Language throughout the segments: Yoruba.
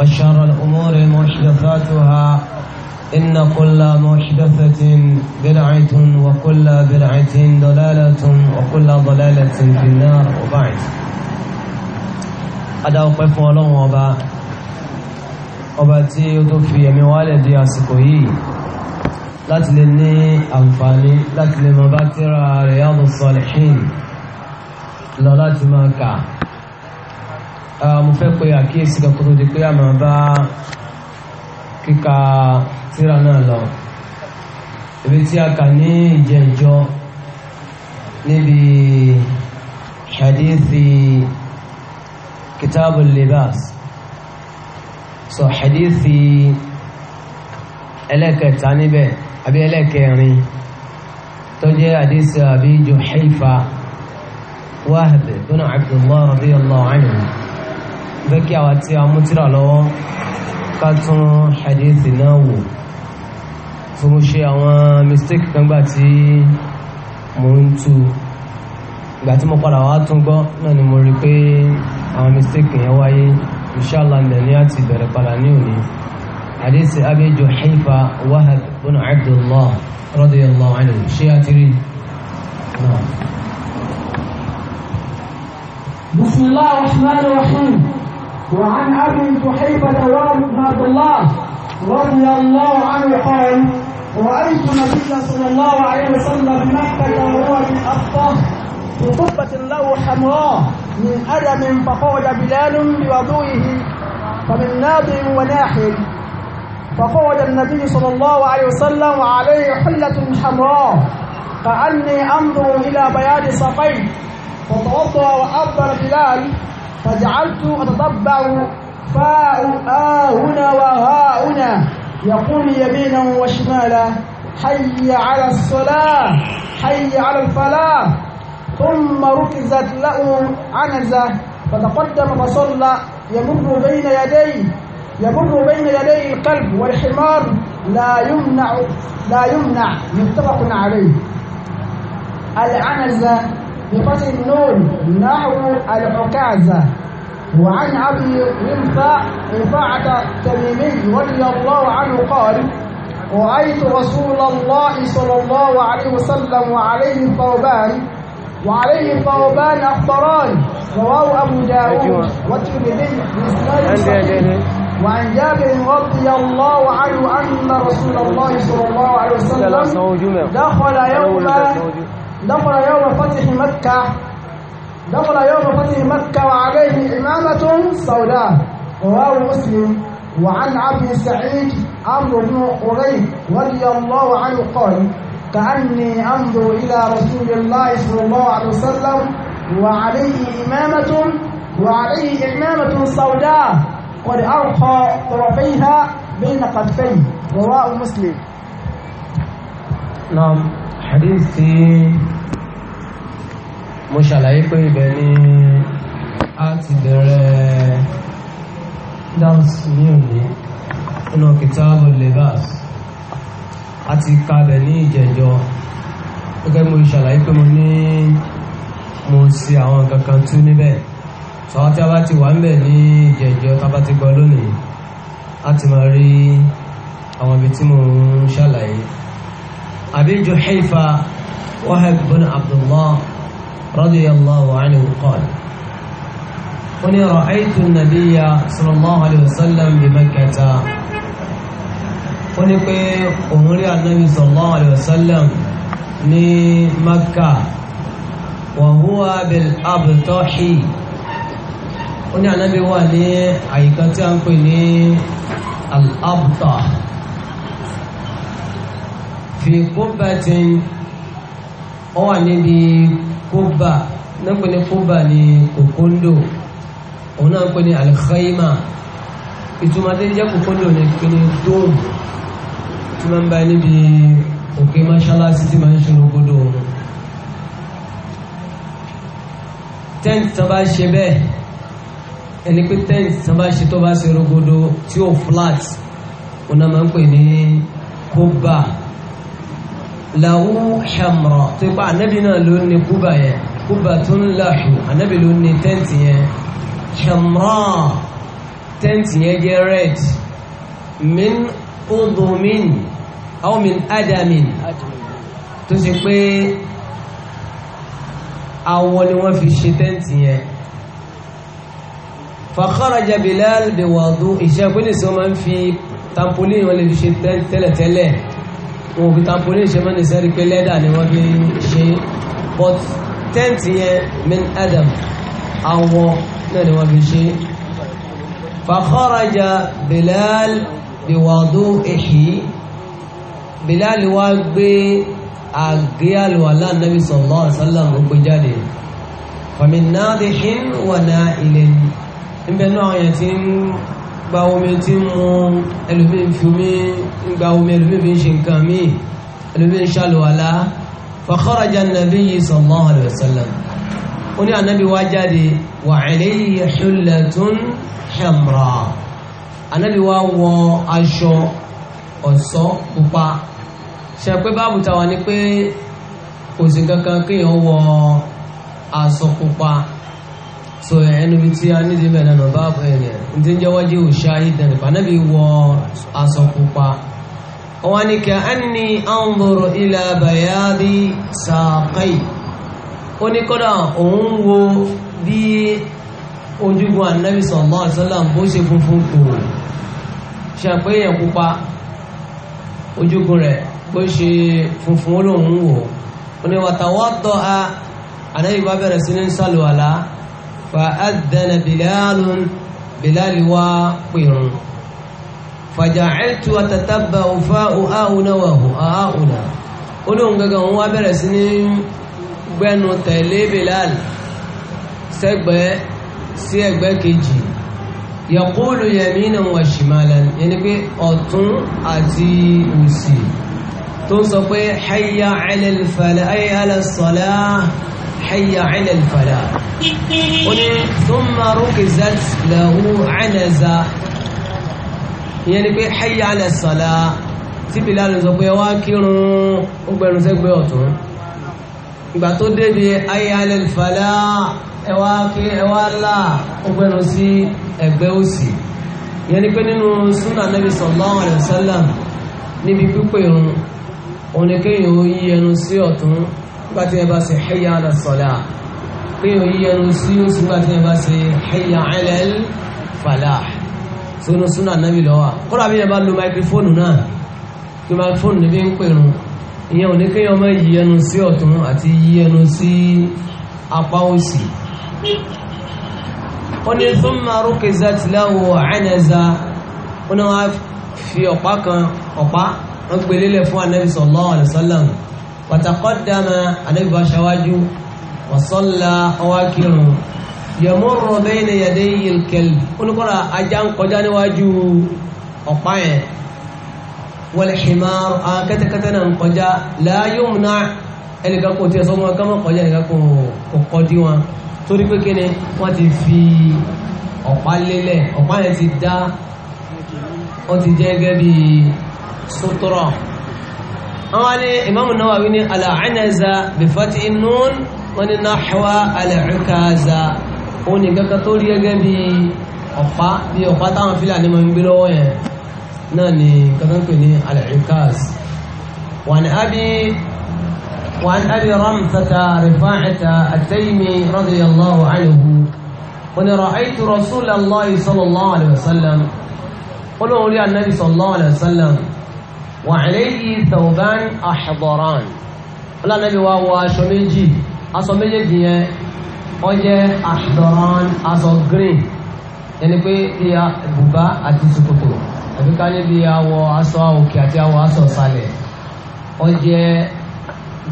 وشر الأمور محدثاتها إن كل محدثة بدعة وكل بدعة ضلالة وكل ضلالة في النار وبعد أدا أوقف ولون وبا ọba tí ó tó fi ẹ̀mí wálẹ̀ di àsìkò yìí láti lè ní àǹfààní láti lè mọ bá tíra Riyadus Salihin lọ láti máa kà Ah, mo fẹ́ pe àkíyèsí kan kó tó di pé àmọ́ bá kíka tíra náà lọ ibi tí a kà ní ìjẹ́jọ́ níbi hadithi kitabu libas so hadithi ẹlẹ́kẹta níbẹ̀ àbí ẹlẹ́kẹrin tó jẹ́ hadithi àbí Juhayfa Wahb bin Abdullah radiyallahu anhu fẹ́ kí àwa tí a mú tírà lọ́wọ́ ká tún hadithi náà wò tí mo ṣe àwọn mistake kan gbà tí mo ń tu ìgbà tí mo padà wá tún gbọ́ náà ni mo rí pé àwọn mistake yẹn wáyé inshallah ndẹ̀ ní àti ìbẹ̀rẹ̀ padà ní òní hadithi abi juhayfa wahab bin abdullah radiyallahu anhu ṣé a ti rí náà. بسم الله الرحمن الرحيم وعن أبي صحيفه الأوام بن عبد الله رضي الله عنه قال رأيت النبي صلى الله عليه وسلم بمكة وهو في أخطه بقبة له حمراء من ادم فقعد بلال بوضوئه فمن ناب وناحل فقعد النبي صلى الله عليه وسلم وعليه حلة حمراء كأني أنظر إلى بياض صفين فتوضأ وأفضل بلال فجعلت أتطبع فاء آ هنا وها هنا يقول يمينا وشمالا حي على الصلاة حي على الفلاح ثم ركزت له عنزة فتقدم فصلى يمر بين يديه يمر بين يديه القلب والحمار لا يمنع لا يمنع متفق عليه العنزة بفتح النون نحو العكازة وعن أبي رفاعة رفاعة التميمي رضي الله عنه قال رأيت رسول الله صلى الله عليه وسلم وعليه ثوبان وعليه ثوبان أخضران رواه أبو داود أيوة. والترمذي بإسناد صحيح وعن جابر رضي الله عنه أن رسول الله صلى الله عليه وسلم دخل يوما دخل يوم فتح مكة دخل يوم فتح مكة وعليه إمامة سوداء رواه مسلم وعن عبد سعيد عمرو بن قريب رضي الله عنه قال كأني أنظر إلى رسول الله صلى الله عليه وسلم وعليه إمامة وعليه إمامة سوداء قد أرقى طرفيها بين قدفيه رواه مسلم نعم hadith tí mo ṣàlàyé pé ibẹ̀ ni a ti bẹ̀rẹ̀ dáhùs ní òní nínú kìtàbù libas a ti kalẹ̀ ní ìjẹjọ gẹ́gẹ́ mo ṣàlàyé pé mo ní mo ṣe àwọn kankan tú níbẹ̀ sọ́wọ́ tí a bá ti wà ń bẹ̀ ní ìjẹjọ tá a bá ti gbọ́ lónìí a ti máa rí àwọn ibi tí mo ń ṣàlàyé. أبي جحيفة وهب بن عبد الله رضي الله عنه قال قل رأيت النبي صلى الله عليه وسلم بمكة قل أمر النبي صلى الله عليه وسلم ní maka wàhúwà bil'abtọ́hì ó ní ànábí wà ní àyíká fi kóbá ti ń ọ wà níbi kóbá náà pé ní kóbá ní kòkóńdò òun náà pé ní alkhaima ìtumọ̀ tó ń jẹ́ kòkóńdò ní pé ní dóòmù tí máa ń bá níbi òkè mọ́ṣáláṣí tí máa ń ṣe rogodo òun tent tán bá ṣe bẹ́ẹ̀ ẹni pé tent tán bá ṣe tó bá ṣe rogodo tí ó flat òun náà máa ń pè ní kóbá lahu hamra tó ipa anabi náà ló ní kúbà yẹn kúbà tó ń làhù anabi ló ní tẹ́ǹtì yẹn hamra tẹ́ǹtì yẹn jẹ́ red min udumin aw min adamin tó ṣe pé awọ ni wọ́n fi ṣe tẹ́ǹtì yẹn fàkọ́rọ̀jà bilal bí wàdú ìṣẹ́ pé nìṣẹ́ wọ́n ń fi tampolin wọn lè fi ṣe tẹ́lẹ̀tẹ́lẹ̀ wọn ò fi tampolin ṣe mọ́ ní sẹ́rí pé lẹ́dà ni wọ́n fi ṣe but tẹ́ǹtì yẹn min adam awọ náà ni wọ́n fi ṣe fàkọ́rajà bilal biwadu ehi bilal wa gbé àgé àlùwàlá nàbì sallallahu alaihi gbé jáde fàmì náà wà náà ilẹ̀ níbẹ̀ náà yẹn ti ń gba omi tí mu ẹlòmíì fi omi gba omi ẹlòmíì fi ń ṣe nǹkan míì ẹlòmíì ń ṣàlùwàlá fa kharaja an-nabiyyu sallallahu alayhi wa sallam ó ní ànábì wá jáde wa alayhi hullatun hamra ànábì wá wọ aṣọ ọ̀ṣọ́ pupa ṣe pé báàbù táwa ni pé kò sí kankan kéèyàn wọ aṣọ pupa so ẹnu bi tí a nídìí bẹ̀rẹ̀ nù báàbù ẹ̀ yẹn ní ti ń jẹ́ wájú òṣà ìdẹ̀nì pànàbí wọ aṣọ pupa wọn ni kẹ ẹni anzuru ila bayadi saqai ó ní kọ́dà òun wo bí ojúgun anabi sallallahu alaihi wasallam bó ṣe funfun kù ṣàpé yẹn pupa ojúgun rẹ̀ bó ṣe funfun ó wò ó ní wàtàwọ́tọ̀ a anabi bá bẹ̀rẹ̀ sí ní sálùwàlá. فأذن بلال بلال وقير فجعلت أتتبع فاء نواه آؤنا olóhùn gangan wọn wá bẹ̀rẹ̀ sí ní gbẹnu tẹ̀lé Bilal sẹ́gbẹ̀ẹ́ sí ẹgbẹ́ kejì yaqulu yaminan wa shimalan yẹni pé ọ̀tún àti òsì tó ń sọ pé hayya ala al-falah hayya ala as-salah hayya ala al-falah ó ní thumma rukizat lahu anaza ìyẹn ni pé hayya ala as-salah tí Bilal sọ pé wá kírun ó gbẹrun sẹ́gbẹ́ ọ̀tún ìgbà tó débi hayya ala al-falah ẹwà kí ẹwà láà ó gbẹrun sí ẹgbẹ́ òsì ìyẹn ni pé nínú súnà Nabi sallallahu alaihi wasallam níbi pípé irun òun ni kéèyàn ó yí ẹnu sí ọ̀tún gbàtí ẹ bá ṣe hayya ala salah pé òyí ẹnu sí oṣù gbàtí ẹ bá ṣe hayya ala falah sónú súnà nábì lọ́wọ́ kódà bí ẹ bá lo máikrófóònù náà tí máikrófóònù níbi ń pèrún ìyẹn ò ní kéèyàn máa yí ẹnu sí ọ̀tún àti yí ẹnu sí apá òsì ó ní thumma ruqizat lahu anaza ó ní wọ́n fi ọ̀pá kan ọ̀pá wọ́n gbélélẹ̀ fún Ànábì sallallahu alaihi wasallam wàtàkọ́dàmà anábìbá ṣáwájú wàsọ́lá ọwákìrùn yẹmọ́rọ̀ bẹ́ẹ̀ ni yàdé yìlkẹ́lì oníkọ́ra ajá ń kọjá níwájú ọ̀pá yẹn wal himar àwọn kẹ́tẹ́kẹ́tẹ́ náà ń kọjá la yumna ẹnìkan kò tiẹ̀ sọ́mọ́ kọ́mọ́ kọjá ẹnìkan kò kọjú wọn torí pé kíni wọ́n ti fi ọ̀pá lélẹ̀ ọ̀pá yẹn ti dá wọ́n ti jẹ́ gẹ́gẹ́ bí sótọ́rọ̀ àwọn ní Imamu Nawawi ní al'anaza bí fati nun wọ́n ní náhwa al'ukaza ó ní kankan tó rí gẹ́gẹ́ bí ọ̀pá bí ọ̀pá táwọn fílà ní mọ̀ ń lọ́wọ́ yẹn náà ni kankan ní al'ukaz wọ́n abi وعن أبي رمثة رفاعة التيمي رضي الله عنه قل رأيت رسول الله صلى الله عليه وسلم قلوا لي النبي صلى الله عليه وسلم وعليه ثوبان أحضران ولا نبي وهو شميجي aṣọ méjèèjì yẹn ó jẹ́ ahdoran aṣọ green yẹni pé ìyá bùbá àti ṣòkòtò àbí ká níbi awọ aṣọ òkè àti awọ aṣọ ìsàlẹ̀ ó jẹ́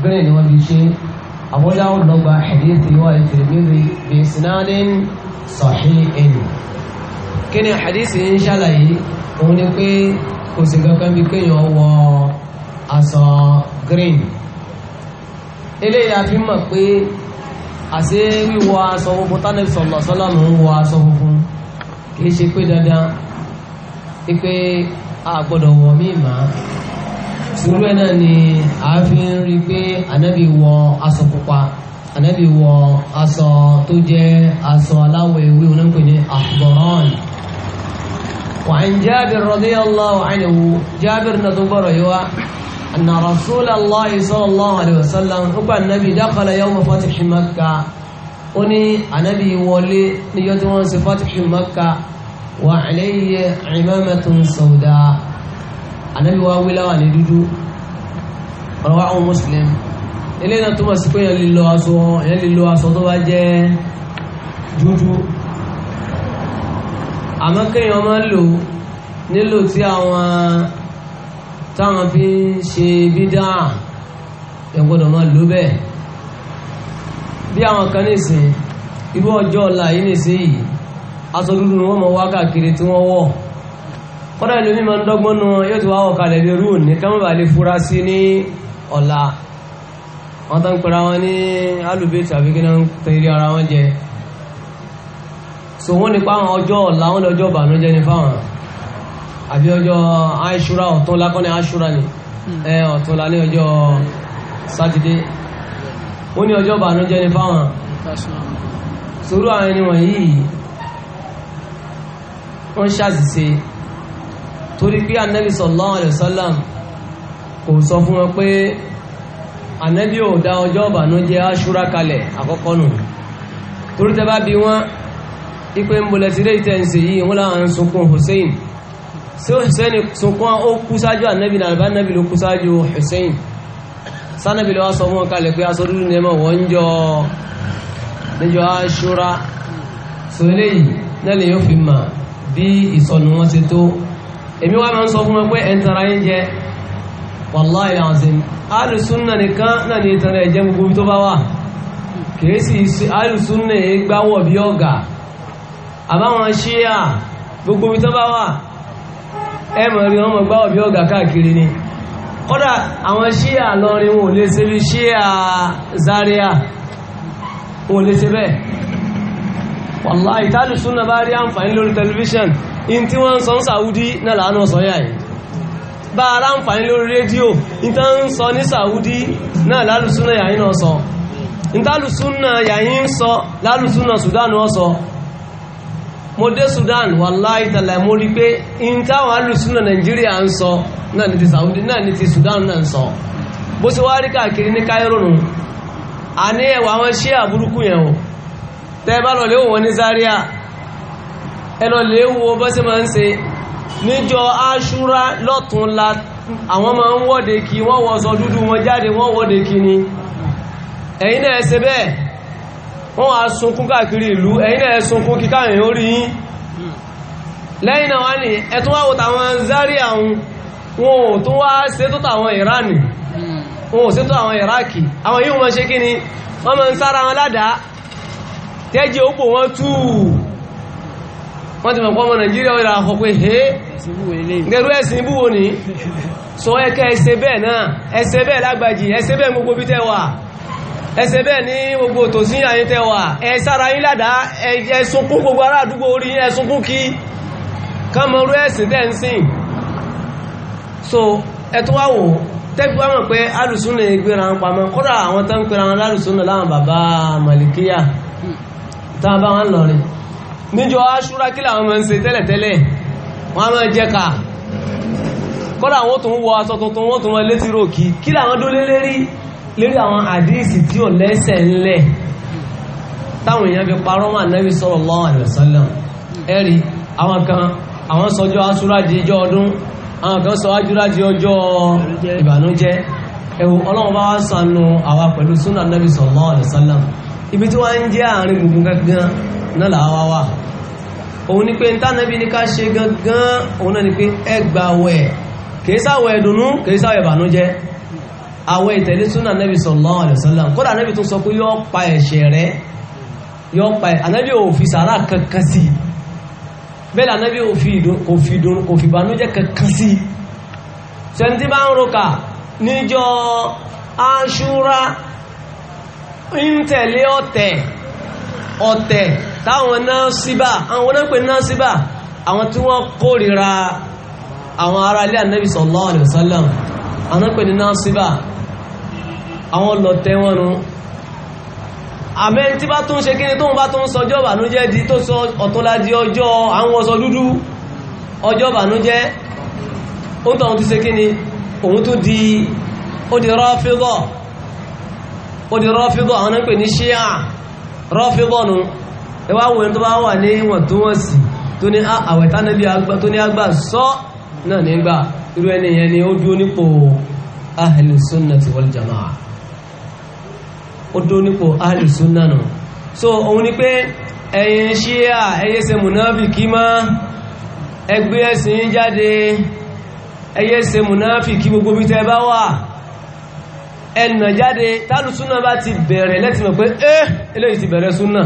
green ni wọ́n fi ṣe àbúdá ọ̀dọ́gba hadithi wa Tirmidhi bi isnadin sahihin kí ni hadithi ń ṣàlàyé òun ni pé kò sí kankan bí kéèyàn wọ aṣọ green eléyìí a fi mọ̀ pé àṣé wíwọ aṣọ funfun tánàbí sọ̀lọ̀ sọ́lọ́mù ń wọ aṣọ funfun kìí ṣe pé dandan pípé a gbọ́dọ̀ wọ̀ mí mà á sùúrù ẹ̀ náà ni a fi ń rí i pé ànábì wọ aṣọ pupa ànábì wọ aṣọ tó jẹ́ aṣọ aláwọ̀ ewé onípe ní وعن جابر رضي الله عنه جابر نتبر يوا أن رسول الله صلى الله عليه وسلم أبا النبي دخل يوم فتح مكة أني النبي ولي نيوتون فتح مكة وعليه عمامة سوداء النبي واولا وندودو رواه مسلم إلينا تمسكوا يلي اللواسو يلي اللواسو تواجه جوجو àmọ́ kéèyàn máa lò nílò tí àwọn táwọn fi ń ṣe bídá ẹ gbọ́dọ̀ máa lò bẹ́ẹ̀ bí àwọn kan nìsín irú ọjọ́ ọ̀la yìí nìsín yìí aṣọ dúdú ni wọ́n mọ wá káàkiri tí wọ́n wọ̀ kọ́dà ìlúmí máa ń dọ́gbọ́n nu wọn yóò ti wá ọ̀kalẹ̀ bí rúùn ní kámẹ́bà lè fura sí ní ọ̀la wọ́n tán pẹ̀lú àwọn ní alùbẹ́ẹ̀tì àbíkínà ń tẹ̀lé ara wọn jẹ so wọ́n nípa àwọn ọjọ́ ọ̀la wọ́n lọ́jọ́ ìbànújẹ́ ní fáwọn àbí ọjọ́ aṣúra ọ̀tún lákọ́ ní aṣúra ni hmm. ọ̀tún la ní ọjọ́ sátidé wọ́n ní ọjọ́ ìbànújẹ́ ní fáwọn sórú àwọn ẹni wọ̀nyí wọ́n ṣàṣìṣe torí pé anabi sallallahu alayhi sallam kò sọ fún wọn pé anabi ò dá ọjọ́ ìbànújẹ́ aṣúra kalẹ̀ àkọ́kọ́ nù torí tẹ́ bá bí wọ́n ipe ń bolẹ̀ sí léyìí tẹ́ǹsì yìí wọ́n láwọn sunkún Hussein sí Hussein sunkún ó kú sáájú ànábì nàbà nàbì ló kú sáájú Hussein sánàbì ló wá sọ mọ́ kalẹ̀ pé aṣọ dúdú nẹ́mọ̀ wọ́n jọ níjọ aṣúra so léyìí náà lè yóò fi mà bí ìsọnù wọn ti tó èmi wá máa ń àbáwọn ṣíyà gbogbo ibi tó bá wà ẹ mọ̀ rí wọn mọ̀ gbá ọ̀bí ọ̀gá káàkiri ni kódà àwọn ṣíyà lọrin wọn ò lè ṣe bí ṣíyà Zaria wọn ò lè ṣe bẹ́ẹ̀ wàláhì ìtàlù súnà bá rí àǹfààní lórí tẹlifíṣàn in tí wọ́n ń sọ ń Sàúdí náà làánà sọ yà yìí bá ara ń fàní lórí rédíò ìta ń sọ ní sàúdí náà lálùsúnà yàyín náà sọ ìta lùsúnà yàyín ń sọ lálùsúnà Sudan náà sọ mo Sudan wàláì tẹ̀lẹ̀ mo rí pé in táwọn alùsùnà Nàìjíríà ń sọ náà ni ti Saudi náà ni ti Sudan náà ń sọ bó ṣe wá rí káàkiri ní Cairo nù a ní ẹwà àwọn ṣé àbúrúkú yẹn o tẹ́ bá lọ léwò wọn ní Zaria ẹ lọ léwò bó ṣe máa ń ṣe níjọ Aṣúra lọ́tún la àwọn máa ń wọ́de kí wọ́n wọ́sọ dúdú wọn jáde wọ́n wọ́de kí ni ẹ̀yin náà ṣe bẹ́ẹ̀ wọ́n wá sunkún káàkiri ìlú na náà sunkún kíká ẹ̀yìn orí yín lẹ́yìn náà wá ní ẹ̀tún wá wòtà àwọn Zaria àwọn wọn ò tó wá sétò àwọn Irani wọn ò sétò àwọn àwọn yíò ṣe kí ni wọ́n mọ́ ń sára wọn ládàá tẹ́jì ó pò wọ́n tú wọ́n ti sọ ẹ̀kẹ́ ẹsẹ̀ bẹ́ẹ̀ náà ẹsẹ̀ bẹ́ẹ̀ lágbàjì ẹsẹ̀ bẹ́ẹ̀ gbogbo bí tẹ́ ẹsẹ̀ bẹ́ẹ̀ ní gbogbo tòsí àyíntẹ́wà ẹ̀sára yí ládàá ẹ̀sùnkún gbogbo ará àdúgbò orí ẹ̀sùnkún kí kọmọrú ẹ̀sìn tẹ́ǹsìn so ẹ̀tọ́ wá wò tẹ́bí wá mọ̀ pé alùsùn lè gbéra ń pamọ́ kódà àwọn tó ń pera wọn lálùsùn náà láwọn bàbá màlìkíyà tá a bá wọn lọ rìn níjọ aṣúra kí làwọn máa tún wọ aṣọ tuntun tún wọn létí ròkì kí làwọn dólé lérí lérí àwọn àdíìsì tí ò lẹ́sẹ̀ ńlẹ̀ táwọn èèyàn fi parọ́ mọ́ ànábì sallallahu alaihi wasallam ẹ̀rí àwọn kan àwọn sọjọ́ asúrájì ọjọ́ ọdún àwọn kan sọ ajúrájì ọjọ́ ìbànújẹ́ ẹ̀wù ọlọ́run bá wá sànù àwa pẹ̀lú súnà ànábì sallallahu alaihi wasallam ibi tí wọ́n ń jẹ́ àárín gbogbo gangan náà làwa wà òun ni pé ntánàbí ní ká ṣe gangan òun náà ni pé ẹgbàwẹ̀ kìí sáwẹ̀ ẹ̀dùnú kìí sáwẹ̀ ìbànújẹ́ àwọn ìtẹ̀lé súnà nẹ́bí sallallahu alaihi wasallam kódà nẹ́bí tó sọ pé yọ́ pa ẹ̀ṣẹ̀ rẹ yọ́ pa ànẹ́bí ò fi sàárà kankan sí bẹ́ẹ̀ ànẹ́bí ò fi ìdùn kò fi ìbànújẹ́ kankan sí sẹ́ntí bá ń roka níjọ́ Àṣúrà ń ọ̀tẹ̀ ọ̀tẹ̀ táwọn náà síbà àwọn náà náà síbà àwọn tí wọ́n kórìíra àwọn ará ilé ànẹ́bí sallallahu alaihi àwọn náà náà síbà àwọn lọ tẹ́wọ́n nu àmẹ́ tí bá tún ṣe kíni tóun bá tún sọjọ́ ìbànújẹ́ di tó sọ ọ̀tọ́lá di ọjọ́ àwọn ọsọ dúdú ọjọ́ ìbànújẹ́ ó tọ̀hún ti ṣe kíni òun tó di ó di rọ́fígọ̀ ó di rọ́fígọ̀ àwọn náà pè ní ṣíà rọ́fígọ̀ nu ẹwà wo tó bá wà ní ìwọ̀ntúnwọ̀nsì tó ní àwẹ̀tá níbi tó ní àgbà sọ náà nígbà irú ẹni ni ó dúró nípò wal jama'a ó nípò alìsún so òun ni pé ẹ̀yin ṣíà ẹyẹ ṣe mùnáfìkì má ẹgbẹ́ ẹ̀sìn jáde ẹyẹ ṣe mùnáfìkì gbogbo bí tẹ́ bá wà ẹnà jáde tálù súnà bá ti bẹ̀rẹ̀ lẹ́tì mọ̀ pé ẹ́ eh, eléyìí ti bẹ̀rẹ̀ súnà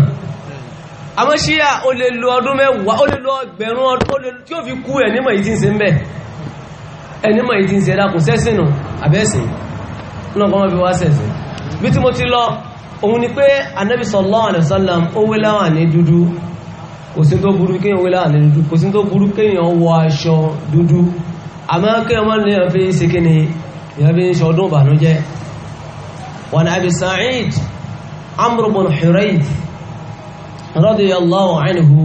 àmọ́ ṣíà ó lè lo ọdún mẹ́wàá ó lè lo ọgbẹ̀rún ọdún tí ó fi kú ẹ̀ nímọ̀ yìí bí tí mo ti lọ òun ni pé anabi sallallahu alaihi wasallam ó wé láwà ní dúdú kò sí tó burú kéèyàn wé láwà ní dúdú kò sí tó burú kéèyàn wọ aṣọ dúdú àmọ́ kéèyàn máa lè fi ṣe kí ni ìyẹn fi ń ṣe ọdún ìbànújẹ́ wọn àbí sa'id amr bin hurayth radiyallahu anhu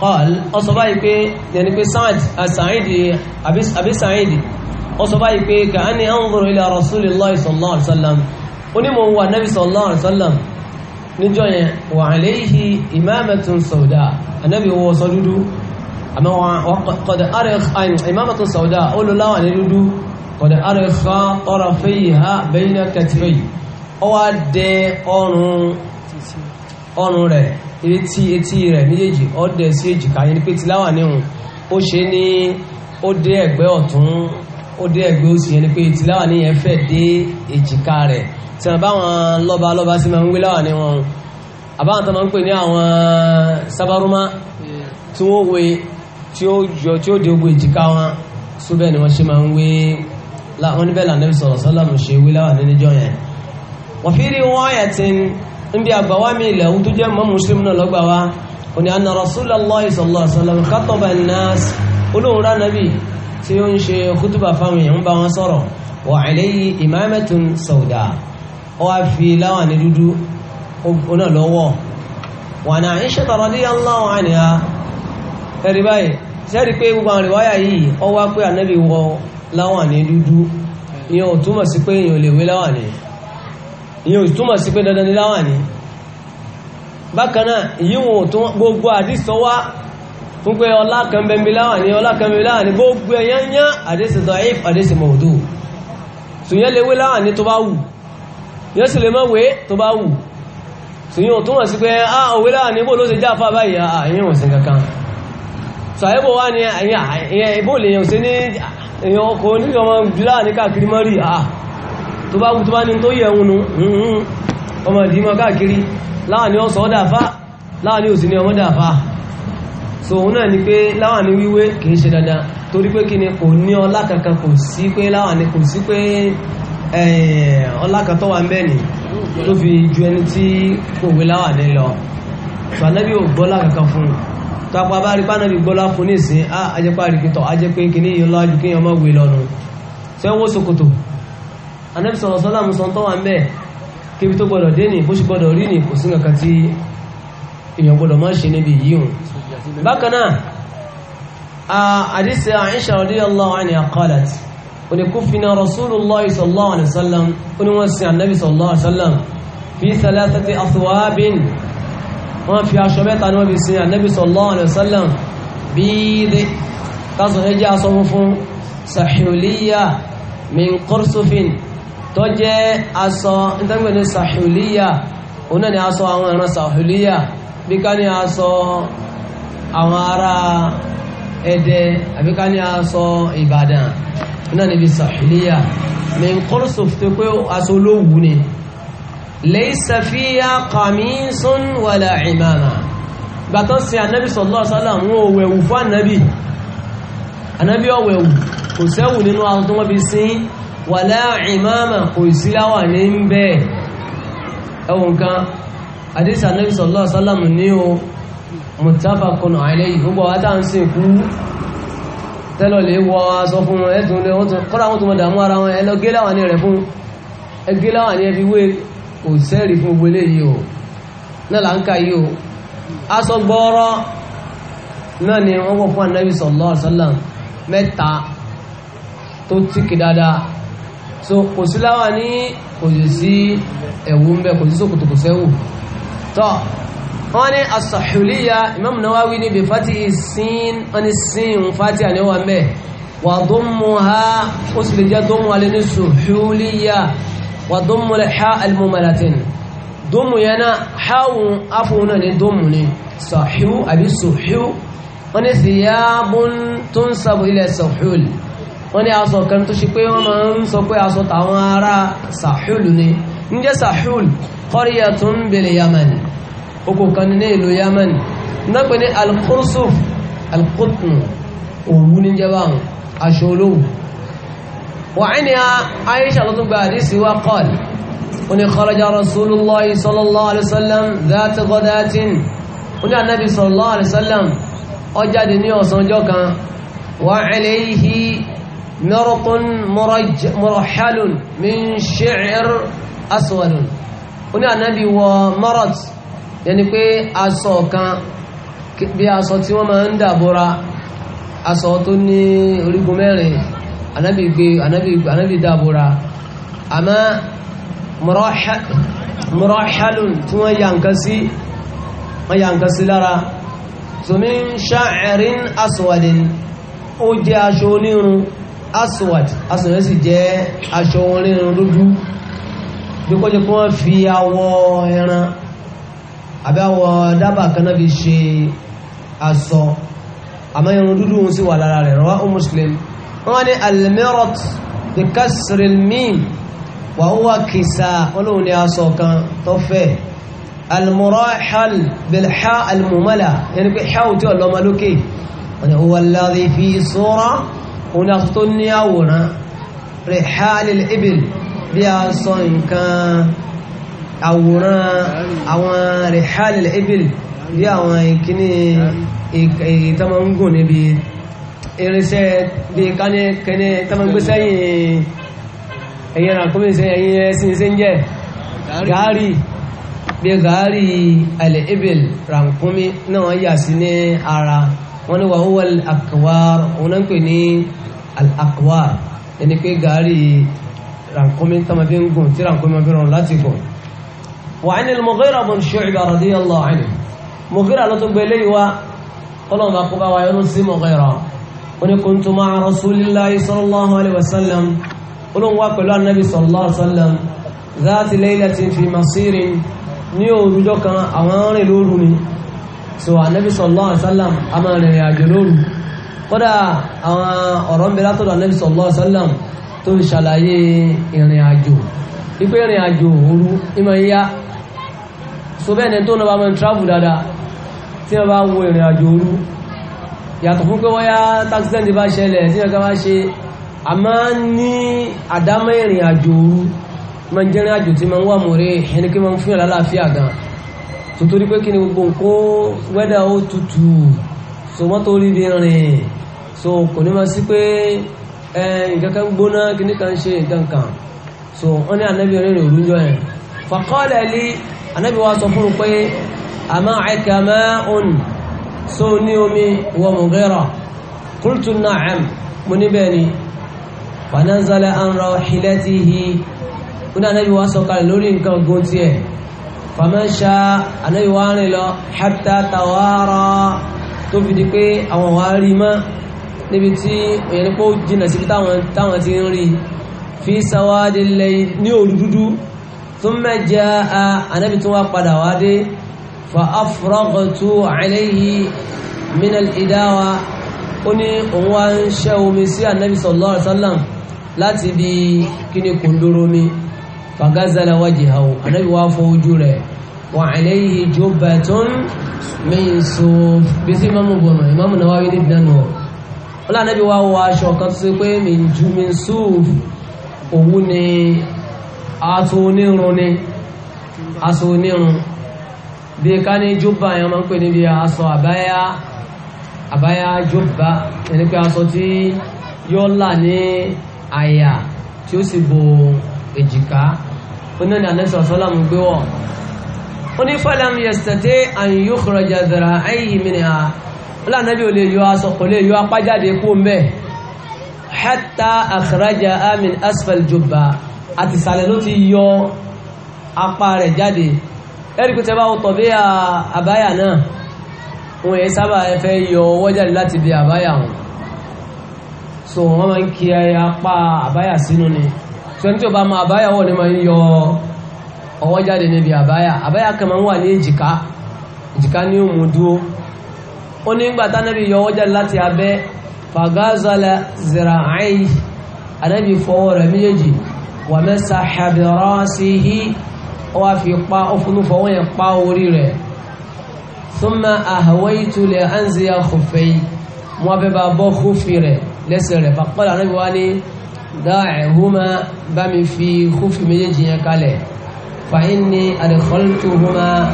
قال أصبعي كي يعني كي سعد سعيد أبي سعيد wọ́n sọ báyìí pé kàání anzuru ila rasulillahi sallallahu alaihi wasallam onímọ̀ wà nabi sallallahu alaihi wasallam níjọ́ yẹn wà alayhi imamatun sauda anábì wọ sọ dúdú àmọ́ qad arikha imamatun sauda olùláwà ní dúdú qad arikha tarafayha bayna katifayhi ó wá dẹ ọrùn rẹ̀ etí etí rẹ̀ méjèèjì ó dẹ sí èjìká yẹn ni pé tìláwà níhùn ó ṣe ní ó dé ẹ̀gbẹ́ ọ̀tún ó dé ẹgbẹ́ òsì yẹn ni pé tìláwà ní yẹn fẹ́ dé èjìká rẹ̀ tí wọn báwọn lọ́ba lọ́ba sí máa ń wí láwà ní wọn àbáwọn tó máa ń pè ní àwọn sábárúmá tí wọ́n wé tí ó jọ tí ó dé ogun èjìká wọn súbẹ̀ ni wọ́n ṣe máa ń wé wọn níbẹ̀ lànà bí sọ̀rọ̀ sọ́lá mo ṣe wí níjọ́ yẹn wọ́n fi rí wọ́n yẹn ti ń bí àgbàwá mi ilẹ̀ ohun tó jẹ́ mọ́ mùsùlùmí náà lọ́gbà wa òní àna Rasulullahi sallallahu alaihi wasallam kátọ́bà nas olóhùn rá nàbì tí ó ń ṣe kútùbà fáwọn èèyàn ń bá wọn sọ̀rọ̀ wà alayhi imamatun sauda ó wá fi láwọn ní dúdú ó náà lọ́wọ́ wà náà Aisha radiyallahu anha ẹ̀rí báyìí sẹ́rí pé gbogbo àwọn ìwáyà yìí ó wá pé ànábì wọ láwọn ní dúdú fún pé ọlá kan bẹ̀m̀bẹ̀ láwà ní ọlá kan bẹ̀m̀bẹ̀ láwà ní gbogbo ẹ̀yán yán àdéṣe da'if àdéṣe mawdu ṣùyẹ́ lè wé láwà ní tó bá wù yẹ́ sì lè mọ́ wé tó bá wù ṣùyẹ́ ò túnmọ̀ sí pé a òwe láwà ní bó ló ṣe jáfà báyìí àyẹ̀wò sí kankan ṣàyẹ̀bò wá ní ìbò lè yàn sí ní èèyàn ọkọ̀ oníṣẹ́ ọmọ láwà ní káàkiri mọ́rí a tó bá wù tó bá ní tó yẹ òun ọmọ ìdí mọ́ káàkiri láwà ní ọ̀sọ̀ ọ̀dàfà láwà ní òsì ní ọmọdàfà so òun náà ni pé láwàní wíwé kìí ṣe dandan torí pé kí ni kò ní ọlá kankan kò sí pé láwàní kò sí pé eh, ọlá kan tó wà ń bẹ̀ ni tó fi ju ẹni tí kò wé láwàní lọ so anábì ò gbọ́lá kankan fún un tọ́pá bá rí pánábì gbọ́lá fún ní ìsìn ajẹ́pá ah, rí pítọ̀ ajẹ́ pé kì ní ìyọlá jù kí ọmọ wè lọ́nu tí wọ́n sòkòtò anábì sọ̀rọ̀ sọ́lá musan tó wà ń bẹ̀ kébi tó gbọ́dọ̀ dé ní bó ṣe gbọ́dọ̀ rí ní kò sí nǹkan tí èèyàn gbọ́dọ̀ má ṣe níbi yìí hùn bákan náà àdísẹ́ Aisha radiyallahu anha qalat òní kufina rasulullahi sallallahu alaihi wasallam òní wọ́n sin annabi sallallahu alaihi wasallam fi thalathati athwabin wọ́n fi aṣọ mẹ́ta ní wọ́n fi sin annabi sallallahu alaihi wasallam bíi kásọ̀ ẹjẹ́ aṣọ funfun sahuliya min qursufin tó jẹ́ aṣọ ìtẹ́gbẹ̀ni sahuliya òun náà ni aṣọ àwọn ará ẹdẹ àbíká ní aṣọ ìbàdàn náà níbi sàhìlíyà ní kọ́rọ̀sọ̀f tó pé aṣọ olówù ni laysa fiya qamisun wala imama gbàtọ́ sí anábì sallallahu alaihi wasallam wọn ò wẹ̀wù fún anábì anábì ò wẹ̀wù kò sẹ́wù nínú aṣọ tó wọ́n fi sí wala imama kò sí láwà ní bẹ́ẹ̀ ẹwùn kan àdísà anábì sallallahu alaihi ní o muttafaqun alayhi gbogbo àwọn tá à ń sìnkú tẹ́lọ̀ lè wọ aṣọ fún wọn ẹ̀tún lé wọ́n tún kọ́ra wọn tún mọ̀ dààmú ara wọn ẹ lọ gé láwọn ní rẹ̀ fún ẹ gé láwọn ní ẹbí wé kò sẹ́ẹ̀rì fún gbogbo eléyìí o náà là yìí o aṣọ gbọ́ọ́rọ́ náà ni wọ́n wọ̀ fún anabi sallallahu alaihi mẹ́ta tó tíkì dáadáa so kò sí ní kò sí ẹ̀wù ń bẹ kò sí sókòtò tọ́ wọ́n ní asọ̀hùlíyà imam nawawi ní bifati isin wọ́n ní sin fati àníwà mẹ́ wà dùnmù ha ó sì lè jẹ́ dùnmù alẹ́ ní sọ̀hùlíyà wà dùnmù lè ha almumalatin dùnmù yẹn na hawun afun náà ní dùnmù ní sọ̀hù àbí sọ̀hù wọ́n ní siyabun tó ń sabu ilẹ̀ sọ̀hùl wọ́n ní aṣọ kan tó ṣe pé wọ́n máa ń sọ pé aṣọ tàwọn ará sọ̀hùl ni ń jẹ́ sọ̀hùl kọ́ríyà tó ń bèèrè yamani oko kan ní ìlú Yemen nápẹ́ ní alkursuf alkutun òwú ní jẹba aṣọ olówó wà ní Aisha tó tún gba àdísí wá kọ́l oní kharaja rasulullah sallallahu alaihi wasallam dhati ghadatin oní anabi sallallahu alaihi wasallam ó jáde ní ọ̀sán ọjọ́ kan wà alayhi mẹ́rọ̀kún mọ̀rọ̀hálùn min shi'r aswadun oní anabi wọ mọ́rọ̀tì yẹni pé aṣọ kan bí aṣọ tí wọ́n máa ń dàbora aṣọ tó ní orígun mẹ́rin anábì gbé anábì dàbora àmọ́ mọ́rọ̀hálùn tí wọ́n yà nǹkan sí wọ́n yà nǹkan sí lára tùmí ṣáàrin aswadin ó jẹ́ aṣọ onírun aswad aṣọ yẹn sì jẹ́ aṣọ onírun dúdú bí kọ́jẹ́ kí wọ́n fi awọ ẹran àbí àwọn dábàá kan náà fi ṣe aṣọ àmọ́ irun dúdú òun sì wà lára rẹ̀ rọ́wá ó muslim wọ́n ní almirot bi kasril mim wà ó wà kìsà wọ́n lóun ní aṣọ kan tó fẹ́ almurahal bilha almumala yẹni pé ha ò tí ò lọ́mọ lókè wọ́n ní huwa alladhi fi sura òun ní tó ní àwòrán rẹ̀ ha lil ibil bí aṣọ nǹkan àwòrán àwọn rìhálì ibil bí àwọn ìkíní ìtọ́mọ̀ ń gùn níbi irinṣẹ́ bí káni kẹni tọ́mọ̀ gbé sẹ́yìn ẹ̀yìn ràkúnmí ẹ̀yìn ẹ̀sìn ṣe ń jẹ́ gàárì bí gàárì alẹ́ ibil ràkúnmí náà yà sí ní ara wọ́n ní wàhúwà al-akwar òun náà ń pè ní al ẹni pé gàárì ràkúnmí tọ́mọ̀ fi ń gùn tí ràkúnmí ọbẹ̀ rọrùn láti gùn وعن المغيرة بن شعبة رضي الله عنه مغيرة لا تقبلي و ما قبا وينسي مغيرة وني كنت مع رسول الله صلى الله عليه وسلم قلوا وقلوا النبي صلى الله عليه وسلم ذات ليلة في مصير نيو رجوكا أمان لورني سوى النبي صلى الله عليه وسلم أمان يا جلول kódà àwọn ọ̀rọ̀ ń bẹ látọ̀dọ̀ Ànábì sallallahu alaihi wasallam tó ń ṣàlàyé ìrìn àjò wípé so bẹ́ẹ̀ ni tó náà bá mọ́ travel dáadáa tí wọ́n bá ń wo ìrìn àjò òru yàtọ̀ fún pé wọ́n yá taxidẹ́ntì bá ṣẹlẹ̀ tí wọ́n ká bá ṣe a máa ń ní àdámọ́ ìrìn àjò òru ma ń jẹ́rìn àjò tí ma ń wà mọ̀rẹ́ ẹni kí ma ń fún yàrá láàfíà gan tó torí pé kí ni gbogbo nǹkan wẹ́dà ó tutù so wọ́n tó rí bí rìn so kò ní ma sí pé nǹkan kan gbóná kí ní kan ṣe nǹkan kan so wọ́n ní ànábìrin rìn òru jọ yẹn fàkọ́ọ̀lẹ̀ lé anábì wa sọ fún un pé àmà àìkà máa ń so ní omi wọ Mughira qultu na'am mo níbẹ̀ ni fanazala an rawhilatihi kúnlẹ̀ anábì wa sọ kalẹ̀ lórí nǹkan ogun tiẹ̀ fàmẹ́ṣà anábì wa rìn lọ hatta tawara tó fi di pé àwọn wa rí mọ́ níbi tí òyìnbó jìnnà síbi táwọn ti ń fi sáwádìí lẹ́yìn ní òru ثم جاء النبي تو قد وادي فافرغت عليه من الاداوه oni òun wá ń ṣẹ́ omi sí ànábì sallallahu alaihi wasallam láti bí kíni kòndóró mi fagazala wajhahu ànábì wá fọ ojú rẹ̀ wa alayhi jubbatun min suf bí sí imáàmù bọ̀nà imáàmù Nawawi ní ìdánù ọ̀ ọlá ànábì wá wọ aṣọ kan tó ṣe pé min ju min suf òun ni aṣọ onírun ni aṣọ onírun bí ká ní jùbà yẹn máa ń pè níbi aṣọ àbáyá àbáyá jùbà ẹni pé aṣọ tí yóò là ní àyà tí ó sì bo èjìká ó náà ní anẹ́sọ̀ sọ́làmù gbé wọ̀ ó ní fọ́làmù yẹ̀sítẹ̀tẹ̀ àyùyó ayé mi ni a bí o lè yọ aṣọ kò lè yọ apá kó mbẹ́ hatta akhraja min asfal jùbà àti ìsàlẹ̀ ló ti yọ apá rẹ̀ jáde ẹ̀rí pé tẹ́ bá wọ́n tọ̀bí àbáyà náà wọ́n yẹ sábà fẹ́ yọ ọwọ́ jáde láti bí àbáyà wọn so wọ́n máa ń kí apá àbáyà sínú ni so ẹni tí ó bá máa àbáyà wọ́n ni máa ń yọ ọwọ́ jáde níbi àbáyà àbáyà kan máa ń wà ní èjìká èjìká ní òun dúró ó ní ìgbà tánàbí yọ ọwọ́ jáde láti abẹ́ fagazala zira'ai anábì fọwọ́ rẹ̀ méjèèjì ومسح براسه وفي قاء فوين قاوري ثم أهويت لأنزي خفي وببا بو خفي لسر فقال أنا بواني دعهما بمي في خف ميجي كالي فإني أدخلتهما